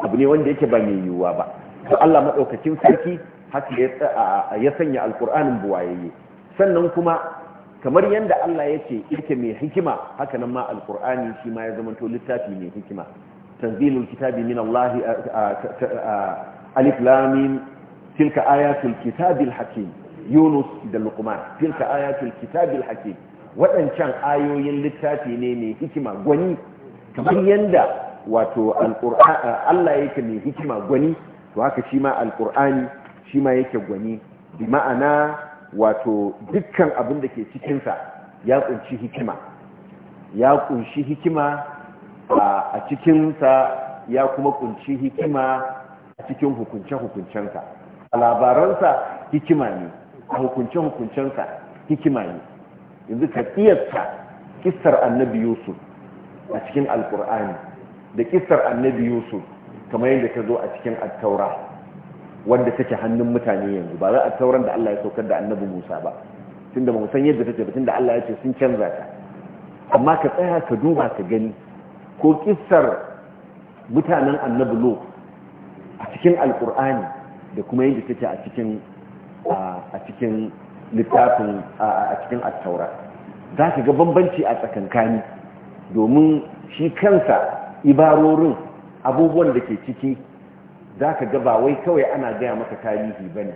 abu ne wanda yake ba mai yiwuwa ba to Allah madaukakin sarki haka ya sanya alkur'anin buwayayye sannan kuma kamar yadda Allah ya ce ita mai hikima haka nan ma alkur'ani shi ma ya zama to littafi mai hikima tanzilul kitabi min Allah alif lam mim tilka ayatul kitabil hakim yunus da luqman tilka ayatul kitabil hakim wadancan ayoyin littafi ne mai hikima gwani kamar yadda wato alkur'ani Allah yake mai hikima gwani to haka shi ma alkur'ani shi ma yake gwani bi ma'ana wato dukkan abin da ke cikinsa ya kunshi hikima ya kunshi hikima a cikinsa ya kuma kunshi hikima a cikin hukunce-hukuncensa a labaransa hikima ne a hukunce-hukuncensa hikima ne yanzu ka tsiyarta kistar annabi yusuf a cikin alkur'ani da kistar annabi yusuf kamar yadda ka zo a cikin attaura wanda take hannun mutane yanzu ba za a tauran da Allah ya saukar da annabi Musa ba tunda ba mu san yadda take ba tunda Allah ya ce sun canza ta amma ka tsaya ka duba ka gani ko kissar mutanen annabi lo a cikin alkur'ani da kuma yadda take a cikin a cikin littafin a cikin attaura za ka ga bambanci a tsakankani domin shi kansa ibarorin abubuwan da ke ciki za ka gaba wai kawai ana gaya maka tarihi ba ne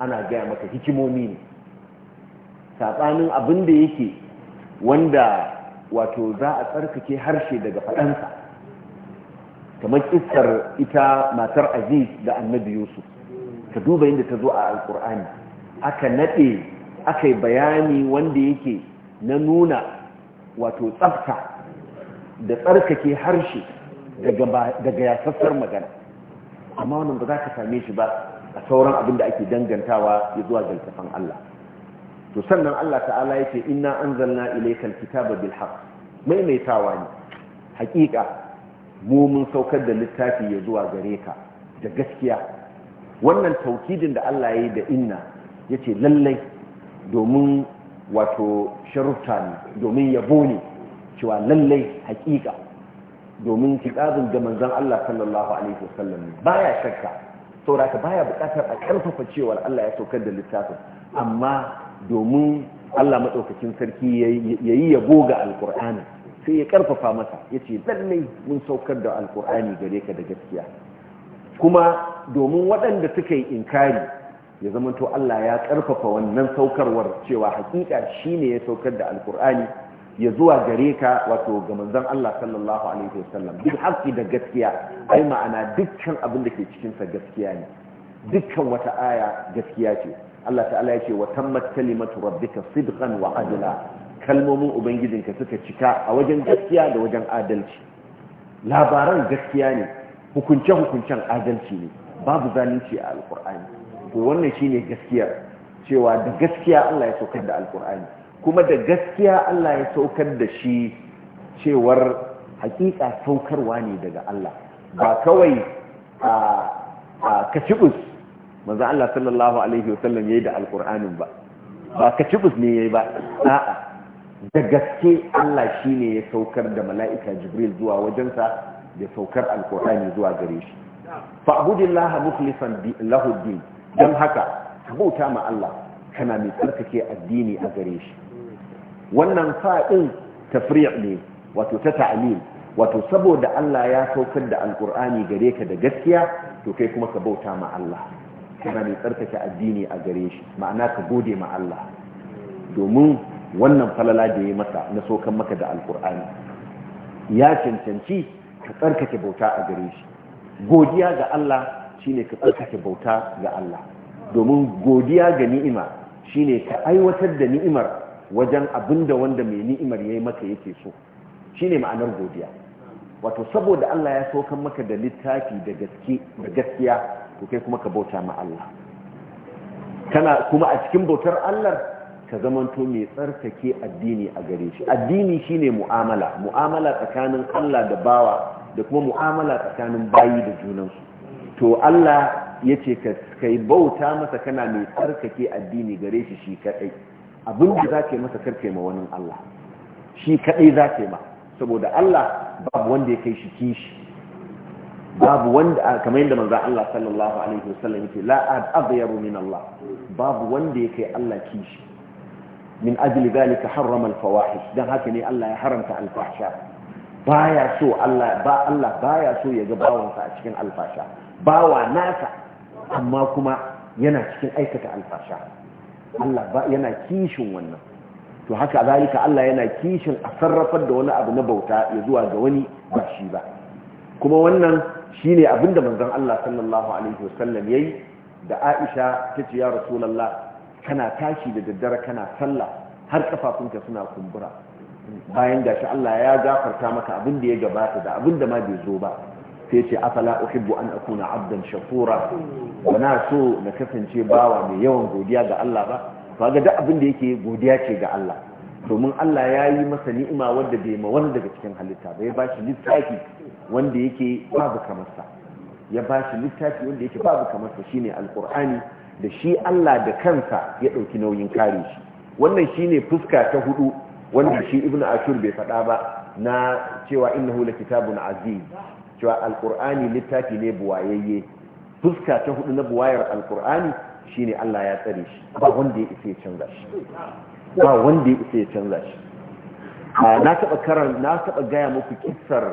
ana gaya maka hikimomi ne saɓanin abin da yake wanda wato za a tsarkake harshe daga faɗansa kamar kissar ita matar aziz da annabi yusuf ka duba yadda ta zo a alkur'ani aka naɗe aka yi bayani wanda yake na nuna wato tsafta da tsarkake harshe daga yasassar magana amma wannan ba za ka same shi ba a sauran abin da ake dangantawa ya zuwa galtafan Allah to sannan Allah ta'ala yake inna anzalna ilaykal kitaba bil mai maimaitawa ne hakika mu mun saukar da littafi ya zuwa gare ka da gaskiya wannan taukidin da Allah ya yi da inna yace lallai domin wato sharufta ne domin yabo ne cewa lallai hakika domin kitabin ga manzon Allah sallallahu alaihi wasallam baya shakka saboda baya bukatar a karfafa cewa Allah ya saukar da littafin amma domin Allah madaukakin sarki yayi ya ga alqur'ani sai ya karfafa masa yace lalle mun saukar da alqur'ani gare ka da gaskiya kuma domin waɗanda suka yi inkari ya zama to Allah ya karfafa wannan saukarwar cewa hakika shine ya saukar da alqur'ani ya zuwa gare ka wato ga manzon Allah sallallahu alaihi wasallam bil haqqi da gaskiya ai ma'ana dukkan abin da ke cikin sa gaskiya ne dukkan wata aya gaskiya ce Allah ta'ala ya ce wa tammat kalimatu rabbika sidqan wa adla kalmomin ubangijinka suka cika a wajen gaskiya da wajen adalci labaran gaskiya ne hukunce hukuncen adalci ne babu zalunci a alqur'ani to wannan shine gaskiya cewa da gaskiya Allah ya saukar da alqur'ani kuma da gaskiya Allah ya saukar da shi cewar hakika saukarwa ne daga Allah ba kawai a kacibus manzo Allah sallallahu alaihi wasallam yayi da alqur'anin ba ba kacibus ne yayi ba a'a da gaske Allah shine ya saukar da mala'ika Jibril zuwa wajensa ya saukar alqur'ani zuwa gare shi fa'budillaha mukhlishan lahu din dan haka bauta ma Allah kana mai tsarkake addini a gare shi wannan fa'in tafriq ne wato ta ta'lil wato saboda Allah ya saukar da alkur'ani gare ka da gaskiya to kai kuma ka bauta ma Allah kana mai tsarkake addini a gare shi ma'ana ka gode ma Allah domin wannan falala da ya masa na saukar maka da alkur'ani ya cancanci ka tsarkake bauta a gare shi godiya ga Allah shine ka tsarkake bauta ga Allah domin godiya ga ni'ima shine ka aiwatar da ni'imar wajen abin da wanda mai ni'imar ya yi maka yake so shi ne ma'anar godiya wato saboda Allah ya saukan maka da littafi da gaskiya to kai kuma ka bauta ma Allah kana kuma a cikin bautar Allah ka zamanto mai tsarkake addini a gare shi addini shi ne mu'amala mu'amala tsakanin Allah da bawa da kuma mu'amala tsakanin bayi da junansu to Allah ya ce ka kai bauta masa kana mai tsarkake addini gare shi shi kaɗai abin da za ka yi masa karfe ma wani Allah shi kaɗai za yi ma saboda Allah babu wanda ya kai shi kishi babu wanda kamar yadda manzo Allah sallallahu alaihi wasallam yake la adyabu min Allah babu wanda ya kai Allah kishi min ajli zalika harrama al-fawahish dan haka ne Allah ya haramta al-fahsha baya so Allah ba Allah baya so ya ga bawansa a cikin al-fahsha bawa nasa amma kuma yana cikin aikata al-fahsha Allah yana kishin wannan to haka zalika Allah yana kishin a sarrafar da wani abu na bauta ya zuwa ga wani ba shi ba kuma wannan shine abinda manzon Allah sallallahu alaihi wasallam yayi da Aisha ta ce ya Rasulullah kana tashi da daddare kana sallah har kafafunka suna kumbura bayan gashi Allah ya gafarta maka abinda ya gabata da abinda ma bai zo ba sai ce afala uhibbu an akuna abdan shakura na so na kasance bawa mai yawan godiya ga Allah ba ga duk abin da yake godiya ce ga Allah domin Allah ya yi masa ni'ima wanda bai ma wani daga cikin halitta ba ya bashi littafi wanda yake babu kamar sa ya bashi littafi wanda yake babu kamar sa shine alqur'ani da shi Allah da kansa ya dauki nauyin kare shi wannan shine fuska ta hudu wanda shi ibnu ashur bai faɗa ba na cewa innahu lakitabun aziz cewa alkur'ani littafi ne buwayayye fuska ta hudu na buwayar alkur'ani shine Allah ya tsare shi ba wanda ya isa ya canza shi ba wanda ya canza shi na taba karan na taba gaya muku kissar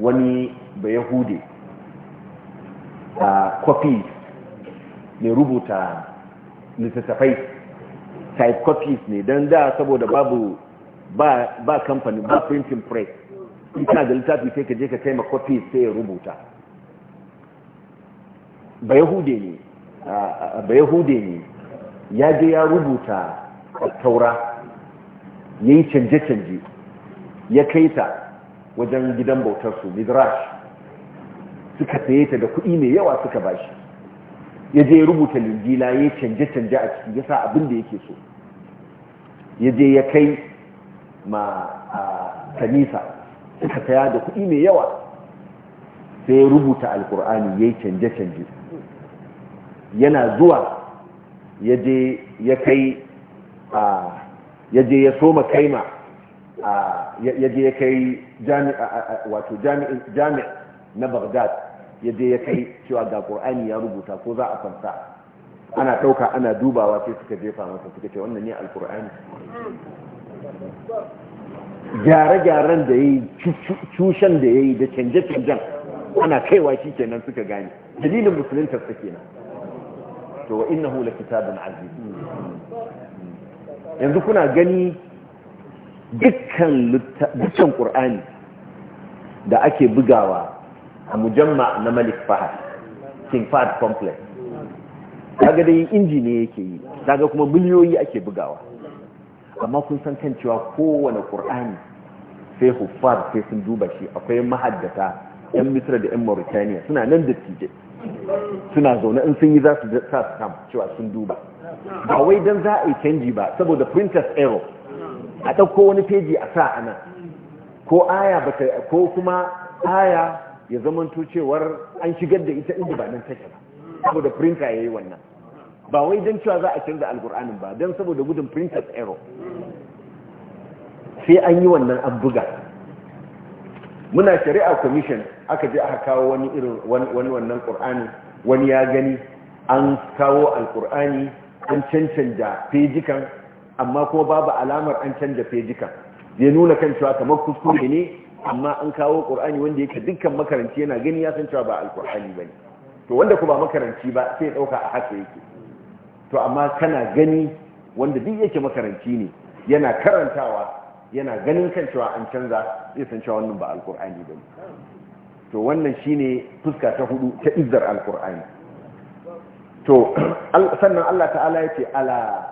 wani bayahude a kwafi ne rubuta littattafai type copies ne don da saboda babu ba kamfani ba printing press ita kana da littafi sai ka je ka kai ma sai ya rubuta ba yahude ne ba ne ya je ya rubuta taura ya yi canje-canje ya kai ta wajen gidan bautarsu midrash suka saye ta da kuɗi mai yawa suka ba shi. ya je ya rubuta lingila ya canje-canje a ciki ya sa abin da yake so ya je ya kai ma kanisa suka saya da kuɗi mai yawa sai ya rubuta alkur'ani ya yi canje-canje yana zuwa ya je ya soma kaima ya je ya kai wato na Bagdad, ya je ya kai cewa ga ƙur'ani ya rubuta ko za a fanta ana ɗauka ana dubawa sai suka jefa masa suka ce wannan ne Alƙur'ani. gyare-gyaren da ya yi cushen da ya yi da canje-canjen ana kaiwa shi kenan suka gane dalilin musulunta su kenan to wa hula fita da aziz yanzu kuna gani dukkan kur'ani da ake bugawa a mujamma na Malik Fahad King Fahad Complex da dai inji ne yake yi daga kuma miliyoyi ake bugawa amma kun san kan cewa kowane ƙur'ani sai huffar sai sun duba shi akwai mahaddata yan misra da yan mauritaniya suna nan da tije suna zaune in sun yi za su sa su kam cewa sun duba ba wai don za a yi canji ba saboda printers error a ɗauko wani feji a sa ana ko aya ba ko kuma aya ya zamanto cewar an shigar da ita inda ba nan take ba saboda printer ya yi wannan ba wai don cewa za a canza alkur'anin ba don saboda gudun printers error sai an yi wannan an buga muna shari'a commission aka je aka kawo wani irin wani wannan qur'ani wani ya gani an kawo alkur'ani an cancanta fejikan amma kuma babu alamar an canja fejikan zai nuna kan cewa kamar kuskure ne amma an kawo qur'ani wanda yake dukkan makaranci yana gani ya san cewa ba alkur'ani ne. to wanda kuma makaranci ba sai ya dauka a haka yake to amma kana gani wanda duk yake makaranci ne yana karantawa yana ganin kan cewa an canza zai san cewa wannan ba alkur'ani ba to wannan shine fuska ta hudu ta izar alkur'ani to sannan Allah ta'ala ya ce ala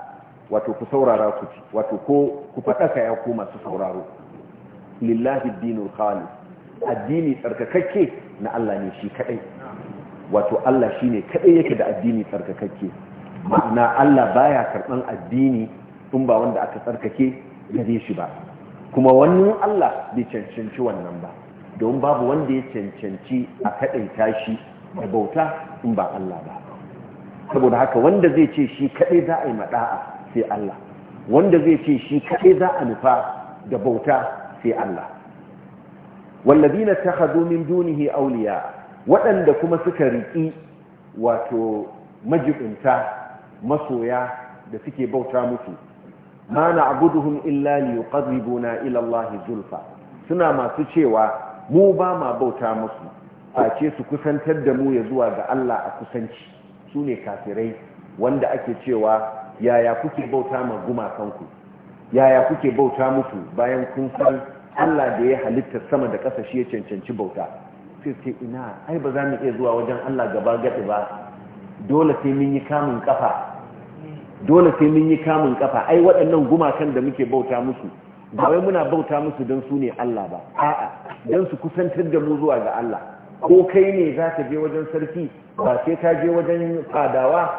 wato ku saurara ku ci wato ko ku faɗaka ya ku masu sauraro lillahi dinul khalis addini tsarkakakke na Allah ne shi kadai wato Allah shine kadai yake da addini tsarkakakke ma'ana Allah baya karɓan addini in ba wanda aka tsarkake gare shi ba kuma wannan Allah bai cancanci wannan ba don babu wanda ya cancanci a kaɗaita tashi da bauta in ba Allah ba saboda haka wanda zai ce shi kaɗai za a yi maɗa'a sai Allah wanda zai ce shi kaɗai za a nufa da bauta sai Allah wallazina takhadhu min dunihi awliya waɗanda kuma suka riƙi wato majibinta masoya da suke bauta musu ma na'buduhum illa liqarribuna ila ilallahi zulfa suna masu cewa mu ba ma bauta musu face su kusantar da mu ya zuwa ga Allah a kusanci sune kafirai wanda ake cewa yaya kuke bauta ma gumakanku yaya kuke bauta musu bayan kun san Allah da ya halitta sama da ƙasa shi ya cancanci bauta sai ce ina ai ba za mu iya zuwa wajen Allah gaba gaba ba dole sai mun yi kamun kafa dole sai mun yi kamun kafa ai waɗannan gumakan da muke bauta musu ba wai muna bauta musu don su ne Allah ba a'a don su kusantar da mu zuwa ga Allah ko kai ne za ka je wajen sarki ba sai ka je wajen fadawa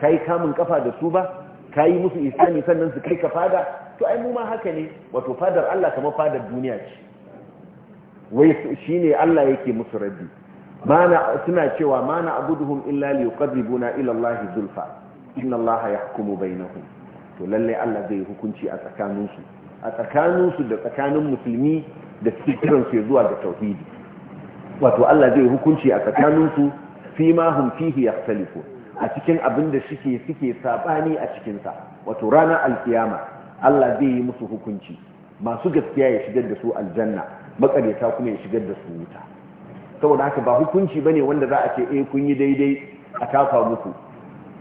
ka yi kamun kafa da su ba ka yi musu isani sannan su kai ka fada to ai mu ma haka ne wato fadar Allah kamar fadar duniya ce wai shi ne Allah yake musu rabbi suna cewa mana abuduhum illa liqarribuna ila Allah zulfa inna Allah ya hukumu bainahum to lalle Allah zai hukunci a tsakaninsu a tsakaninsu da tsakanin musulmi da su kiransu ya zuwa ga tauhidi wato Allah zai hukunci a tsakaninsu fi ma hum fihi a cikin abin da suke suke sabani a cikinsa. wato rana alkiyama Allah zai yi musu hukunci masu gaskiya ya shigar da su aljanna makareta kuma ya shigar da su wuta saboda haka ba hukunci bane wanda za a ce eh kun yi daidai a kafa muku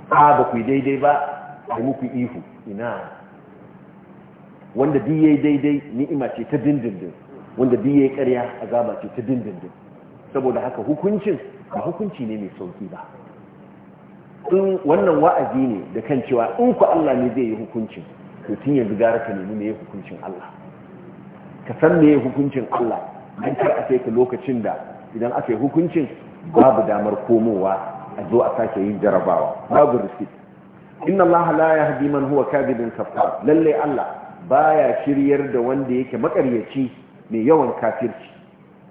ba ba ku daidai ba a muku ihu ina wanda biye daidai ni'ima ce ta dindindin wanda biye ƙarya azaba ce ta dindindin saboda haka hukuncin ba hukunci ne mai sauki ba in wannan wa'azi ne da kan cewa in ku Allah ne zai yi hukuncin to tun yanzu gara ka nemi meye hukuncin Allah ka san meye hukuncin Allah dan kar a sai ka lokacin da idan aka yi hukuncin babu damar komowa a zo a sake yin jarabawa babu risit inna allaha la yahdi man huwa kadibun kafar lalle allah baya shiryar da wanda yake makaryaci mai yawan kafirci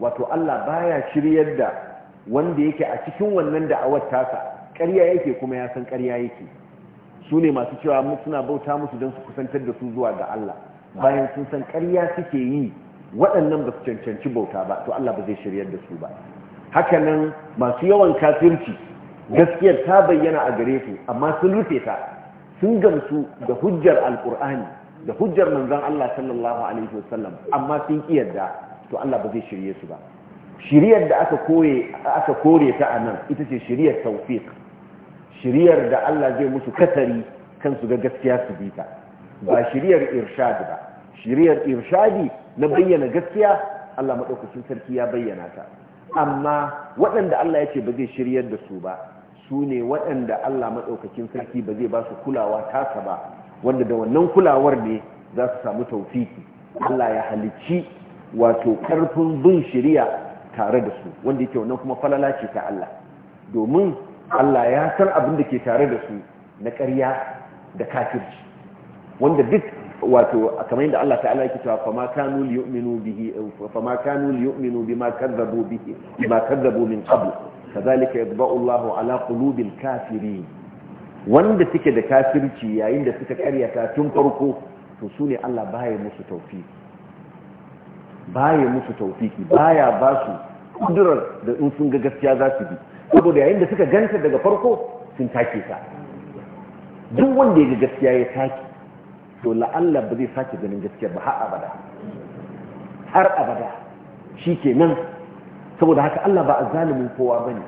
wato allah baya shiryar da wanda yake a cikin wannan da'awar tasa ƙarya yake kuma ya san ƙarya yake su ne masu cewa suna bauta musu don su kusantar da su zuwa ga Allah bayan sun san ƙarya suke yi waɗannan ba su cancanci bauta ba to Allah ba zai shiryar da su ba hakanan masu yawan kafirci gaskiyar ta bayyana a gare su amma sun rufe ta sun gamsu da hujjar alkur'ani da hujjar manzon Allah sallallahu alaihi wasallam amma sun kiyarda to Allah ba zai shirye su ba shiriyar da aka koye aka kore ta anan ita ce shiriyar tawfiq shiriyar da Allah zai musu kasari kan su ga gaskiya su bi ta ba shiriyar irshad ba shiriyar irshadi na bayyana gaskiya Allah madaukakin sarki ya bayyana ta amma waɗanda Allah ya ce ba zai shiryar da su ba su ne waɗanda Allah maɗaukakin sarki ba zai ba su kulawa tasa ba wanda da wannan kulawar ne za su samu taufiki Allah ya halicci wato ƙarfin bin shirya tare da su wanda yake wannan kuma falala ce ta Allah domin Allah ya san abin da ke tare da su na ƙarya da kafirci wanda duk wato kamar yadda Allah ta'ala yake cewa fama kanu liyu'minu bihi ma kanu liyu'minu bima kadzabu bihi bima kadzabu min qabl kazalika yatba'u Allahu ala qulubil kafirin wanda suke da kafirci yayin da suka karyata tun farko to su ne Allah baya musu ba ya musu ba ya ba su kudurar da in sun ga gaskiya za su bi saboda yayin da suka ganta daga farko sun take ta duk wanda ya ga gaskiya ya take to la'alla ba zai sake ganin gaskiya ba har abada har abada shi kenan saboda haka Allah ba a zalumin kowa bane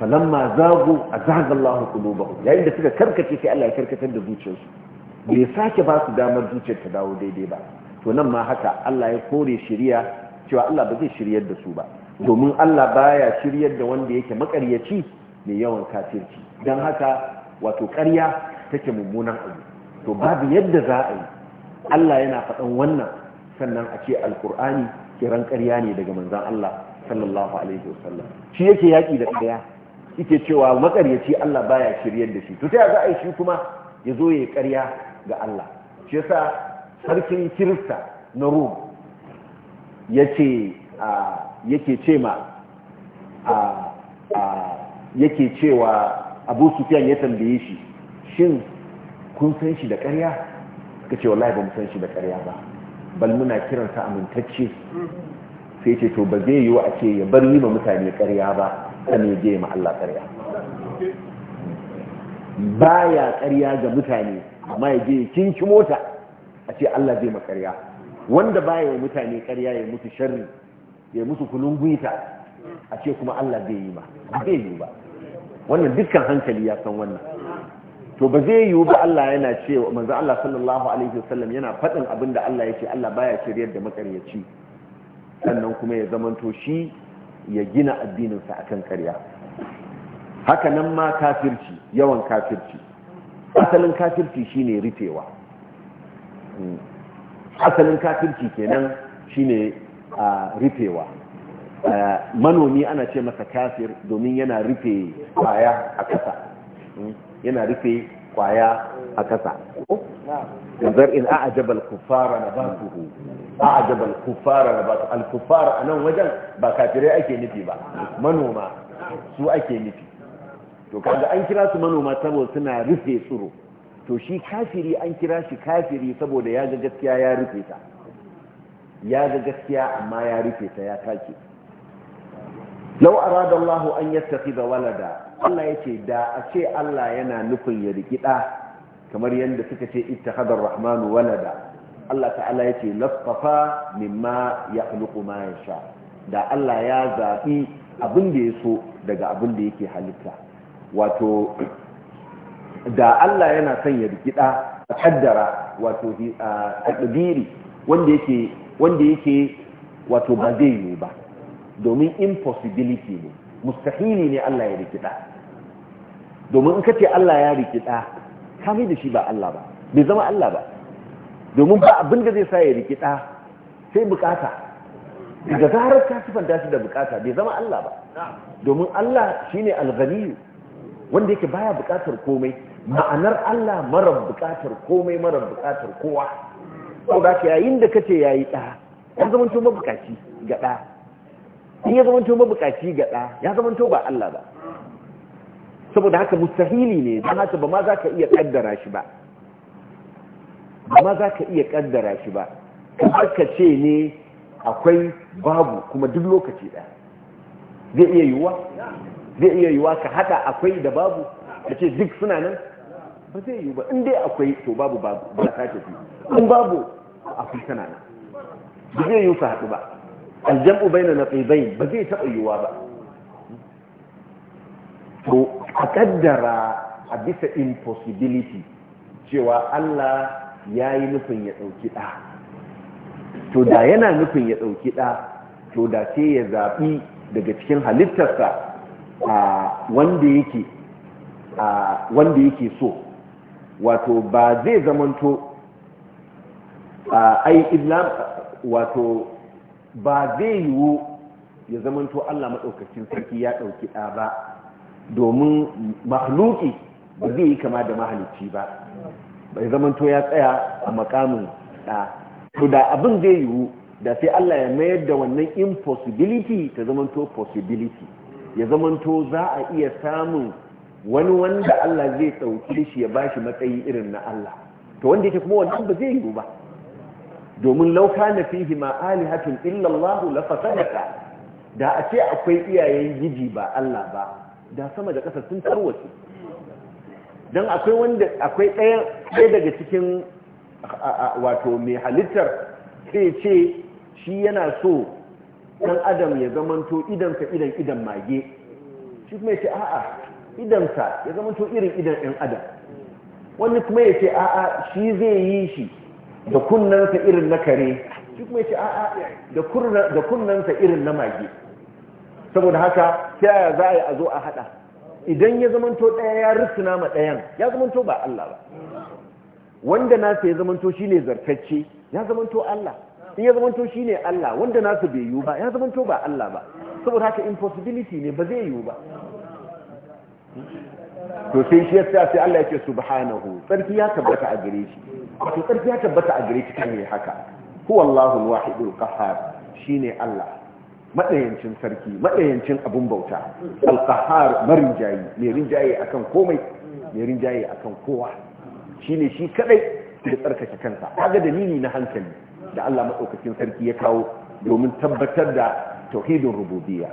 falamma zagu azaga Allahu qulubahum yayin da suka karkace sai Allah ya karkatar da zuciyarsu bai sake ba su damar zuciyar ta dawo daidai ba to nan ma haka Allah ya kore shiriya cewa Allah ba zai shiryar da su ba domin Allah baya shiryar da wanda yake makaryaci mai yawan kafirci dan haka wato ƙarya take mummunan abu to babu yadda za a yi Allah yana faɗan wannan sannan a ce alkur'ani kiran ƙarya ne daga manzan Allah sallallahu alaihi wasallam shi yake yaki da ƙarya yake cewa makaryaci Allah baya shiryar da shi to ta za a yi shi kuma ya zo ya ƙarya ga Allah shi yasa sarkin Kirista na Rum yace yake ce ma yake cewa Abu Sufyan ya tambaye shi shin kun san shi da ƙarya kace wallahi ba mu san shi da ƙarya ba bal muna kiransa amintacce sai ce to ba zai wa a ce ya bar yi ma mutane ƙarya ba sannan ya je ma Allah ƙarya baya ƙarya ga mutane amma ya je kinki mota a ce Allah zai ma ƙarya wanda baya wa mutane ƙarya ya mutu sharri ya mutu kunun guita a ce kuma Allah zai yi ma zai yi ba wannan dukkan hankali ya san wannan to ba zai yiwu ba Allah yana cewa manzo Allah sallallahu alaihi wasallam yana faɗin abin da Allah yake Allah baya shiryar da makaryaci sannan kuma ya zamanto shi ya gina addinin sa akan ƙarya haka nan ma kafirci yawan kafirci asalin kafirci shine rufewa asalin kafirci kenan shine rufewa manomi ana ce masa kafir domin yana rufe kwaya a ƙasa yana rufe kwaya a kasa zar in a'ajaba al-kuffara nabatuhu a'ajaba al ba nabatu al a anan wajen ba kafirai ake nufi ba manoma su ake nufi to kaga an kira su manoma saboda suna rufe tsuro, to shi kafiri an kira shi kafiri saboda ya ga gaskiya ya rufe ta ya ga gaskiya amma ya rufe ta ya kake lau arada Allah an yattakhidha walada Allah yace da a ce Allah yana nufin ya riki kamar yadda suka ce ittakhadha ar-rahman walada Allah ta'ala yace lastafa mimma yakhluqu ma yasha da Allah ya zabi abin ya so daga abin yake halitta wato da Allah yana son ya riki da kaddara wato tadbiri wanda yake wanda yake wato ba zai yi ba domin impossibility ne mustahili ne Allah ya rikida domin in kace Allah ya rikida ka da shi ba Allah ba bai zama Allah ba domin ba abin da zai sa ya rikida sai bukata da zarar ka sifanta shi da bukata bai zama Allah ba domin Allah shine al-ghani wanda yake baya bukatar komai ma'anar Allah mara bukatar komai mara bukatar kowa ko da yayin da kace yayi da an zama to mabukaci ga da in ya zamanto bukaci ga ɗa ya zamanto ba Allah ba saboda haka mustahili ne don haka ba ma za ka iya kaddara shi ba ba ma za ka iya kaddara shi ba kamar ka ce ne akwai babu kuma duk lokaci ɗaya zai iya yiwuwa zai iya yiwuwa ka haɗa akwai da babu ka ce duk suna nan ba zai yiwu ba in dai akwai to babu babu ba ta tafi in babu akwai tana nan ba zai yiwu ka haɗu ba aljam'u na naqibain ba zai taɓa yiwuwa ba to a ƙaddara a bisa impossibility cewa Allah ya yi nufin ya ɗauki ɗa to da yana nufin ya ɗauki ɗa to da sai ya zaɓi daga cikin halittarsa a wanda yake a wanda yake so wato ba zai zamanto a ai islam wato ba zai yiwu ya zamanto Allah maɗaukacin sarki ya ɗauki ɗa ba domin mahluki ba zai yi kama da mahalicci ba bai zamanto ya tsaya a makamin ɗa to da abin zai yiwu da sai Allah ya mayar da wannan impossibility ta zamanto possibility ya zamanto za a iya samun wani wanda Allah zai ɗauke shi ya ba shi matsayi irin na Allah to wanda yake kuma wannan ba zai yiwu ba domin lauka na fihi ma alihatun illallahu la fasadaka da a ce akwai iyayen giji ba Allah ba da sama da ƙasa sun tarwace don akwai wanda akwai ɗaya daga cikin wato mai halittar sai ce shi yana so ɗan adam ya zamanto idansa idan idan mage shi kuma ya ce a'a idansa ya zamanto irin idan ɗan adam wani kuma ya ce a'a shi zai yi shi da kunnansa irin na kare duk ce a'a da kunnansa irin na mage saboda haka kyaya za a yi a zo a hada idan ya zamanto daya ya rusuna ma dayan ya zamanto ba Allah ba wanda nasa ya zamanto shine zartacce ya zamanto Allah in ya zamanto shine Allah wanda nasa bai yiwu ba ya zamanto ba Allah ba saboda haka impossibility ne ba zai yiwu ba to sai shi yasa sai Allah yake subhanahu sarki ya tabbata a gare shi wato sarki ya tabbata a gare shi kan yayi haka huwa Allahul wahidul qahhar shine Allah madayancin sarki madayancin abun bauta al qahhar marinjayi mai rinjaye akan komai mai rinjayi akan kowa shine shi kadai da tsarkake kansa kaga dalili na hankali da Allah madaukakin sarki ya kawo domin tabbatar da tauhidin rububiyya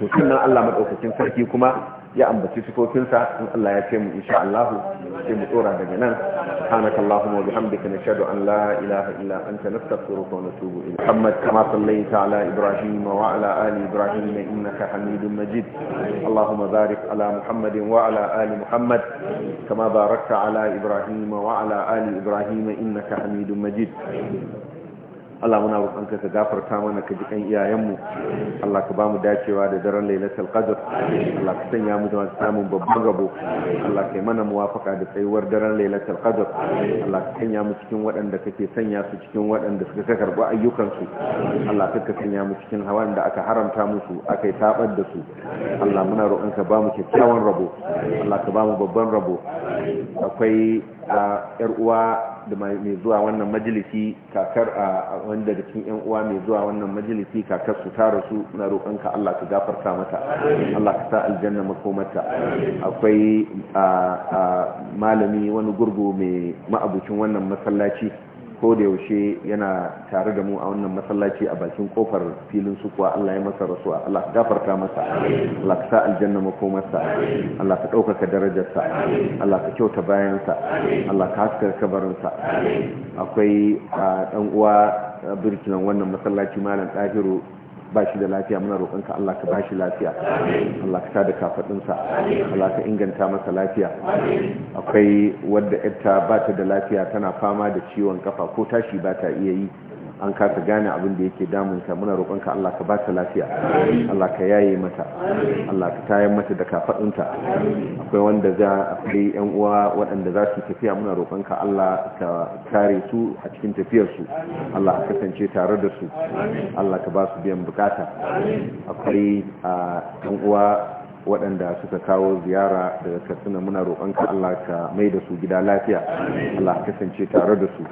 to sannan Allah madaukakin sarki kuma ya ambaci sifofinsa in Allah ya ce mu insha Allah sai mu tsora daga nan subhanaka allahumma wa bihamdika nashhadu an la ilaha illa anta nastaghfiruka wa natubu ilayk Muhammad kama sallaita ala Ibrahim wa ala ali Ibrahim innaka Hamidum Majid Allahumma barik ala Muhammad wa ala ali Muhammad kama barakta ala Ibrahim wa ala ali Ibrahim innaka Hamidum Majid Allah muna roƙonka ka gafarta mana ka ji kan iyayenmu Allah ka bamu dacewa da daren lailatul qadr Allah ka sanya mu da samun babban rabo Allah yi mana muwafaka da tsayuwar daren lailatul qadr Allah ka sanya mu cikin waɗanda kake sanya su cikin waɗanda suka karɓi ayyukansu Allah ka sanya mu cikin hawan da aka haramta musu aka yi tabar da su Allah muna roƙonka ba mu kyakkyawan rabo Allah ka ba mu babban rabo akwai yar ah, uwa da mai zuwa wannan majalisi kakar a wanda daga cikin yan uwa mai zuwa wannan majalisi kakar su tara su na roƙonka Allah ka gafarta mata Allah ka sa aljanna makomata akwai malami wani gurgu mai ma'abucin wannan masallaci ko da yaushe yana tare da mu a wannan masallaci a bakin kofar filin sukuwa Allah ya masa rasuwa Allah ka gafarta masa Allah ka sa aljanna makomarsa Allah ka ɗaukaka darajarsa Allah ka kyauta bayansa Allah ka haska kabarinsa akwai dan uwa birkinan wannan masallaci malam ɗahiru ba shi da lafiya muna roƙonka Allah ka ba shi lafiya Allah ka tada kafadinsa Allah ka inganta masa lafiya akwai wadda yarta ba ta da lafiya tana fama da ciwon kafa ko tashi ba ta iya yi an kasa gane abin da yake damunta muna roƙonka Allah ka ba ta lafiya Allah ka yaye mata Allah ka tayar mata da kafadunta akwai wanda za a fi yan uwa waɗanda za su tafiya muna roƙonka Allah ka kare su a cikin tafiyar su Allah ka kasance tare da su Allah ka ba su biyan bukata akwai yan ah, uwa waɗanda suka kawo ziyara daga katsina muna roƙonka Allah ka mai da su gida lafiya Allah kasance tare da su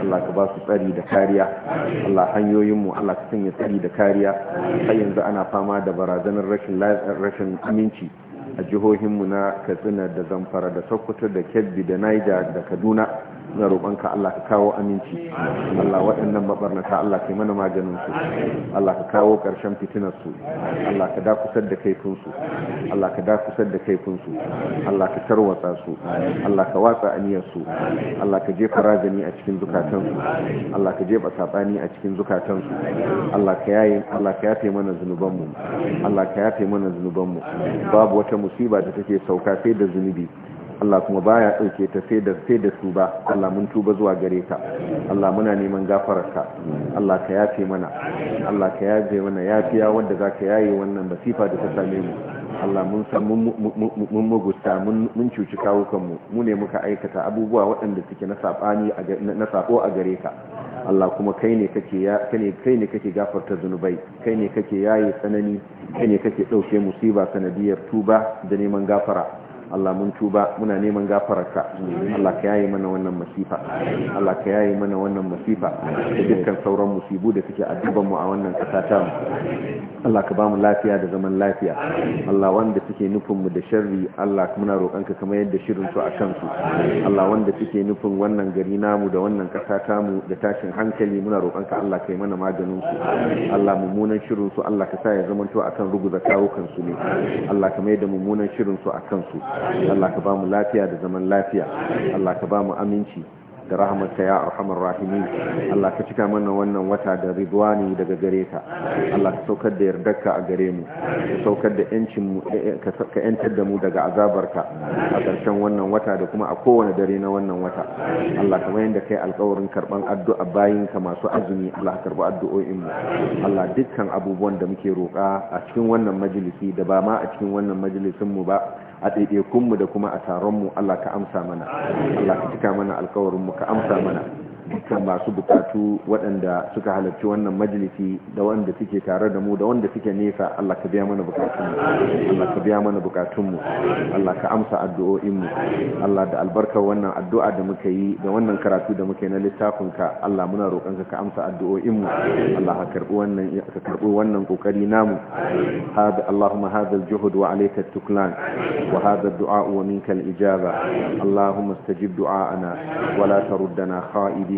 Allah ka ba su tsari da kariya Allah hanyoyinmu Allah ka sanya tsari da kariya har yanzu ana fama da barazanar rashin aminci a jihohinmu na katsina da zamfara da sokoto da kebbi da naija da kaduna na roƙonka Allah ka kawo aminci Allah waɗannan mabarnata Allah ka mana maganin su Allah ka kawo ƙarshen fitinar su Allah ka dakusar da kaifin su Allah ka dakusar da kaifin su Allah ka tarwatsa su Allah ka watsa aniyar su Allah ka jefa razani a cikin zukatan su Allah ka jefa sabani a cikin zukatan su Allah ka yaye Allah ka yafe mana zunuban mu Allah ka yafe mana zunuban mu babu wata musiba da take sauka sai da zunubi Allah kuma baya ɗauke ta sai da sai da su ba Allah mun tuba zuwa gare ka Allah muna neman gafararka Allah ka yafe mana Allah ka yafe mana yafiya wanda zaka yaye wannan masifa da ta same mu Allah mun san mun mugusta mun cuci kawukanmu mu ne muka aikata abubuwa waɗanda suke na sabani na sako a gare ka Allah kuma kai ne kake kai ne kake gafarta zunubai kai ne kake yaye tsanani kai ne kake ɗauke musiba sanadiyar tuba da neman gafara Allah mun tuba muna neman gafararka Allah ka yayi mana wannan masifa Allah ka yayi mana wannan masifa da dukkan sauran musibu da suke addiban mu a wannan kasa ta mu Allah ka bamu lafiya da zaman lafiya Allah wanda suke nufin mu da sharri Allah muna ka kamar yadda shirin su a kansu Allah wanda suke nufin wannan gari namu da wannan kasa ta mu da tashin hankali muna ka Allah yi mana maganin su Allah mummunan shirin su Allah ka sa ya zamanto akan ruguza kawukan su ne Allah kamar yadda mummunan shirin su akan su Allah ka ba mu lafiya da zaman lafiya Allah ka ba mu aminci da rahmatka ya arhamar rahimi. Allah ka cika mana wannan wata da ridwani daga gare ka Allah ka saukar da yardarka a gare mu ka saukar da yancin mu eh, eh, ka yantar da mu daga azabarka a ƙarshen wannan wata da kuma a kowane dare na wannan wata Allah ka mayar da kai alƙawarin karɓan addu'a ka masu azumi Allah ka karbi addu'o'in mu Allah dukkan abubuwan da muke roƙa a cikin wannan majalisi da ba ma a cikin wannan majalisin mu ba a ɗaiɗaikunmu da kuma a taronmu Allah ka amsa mana Allah ka cika mana mu ka amsa mana dukkan masu bukatu waɗanda suka halarci wannan majalisi da wanda suke tare da mu da wanda suke nesa Allah ka biya mana bukatunmu Allah ka biya mana bukatunmu Allah ka amsa addu'o'inmu Allah da albarkar wannan addu'a da muka yi da wannan karatu da muka yi na littafinka Allah muna roƙon ka amsa addu'o'inmu Allah ka karɓi wannan ka karɓi wannan kokari namu hada Allahumma hada al-juhd wa alayka at-tuklan wa hada ad-du'a wa minka al-ijaba Allahumma istajib du'a'ana wa la taruddana kha'ibin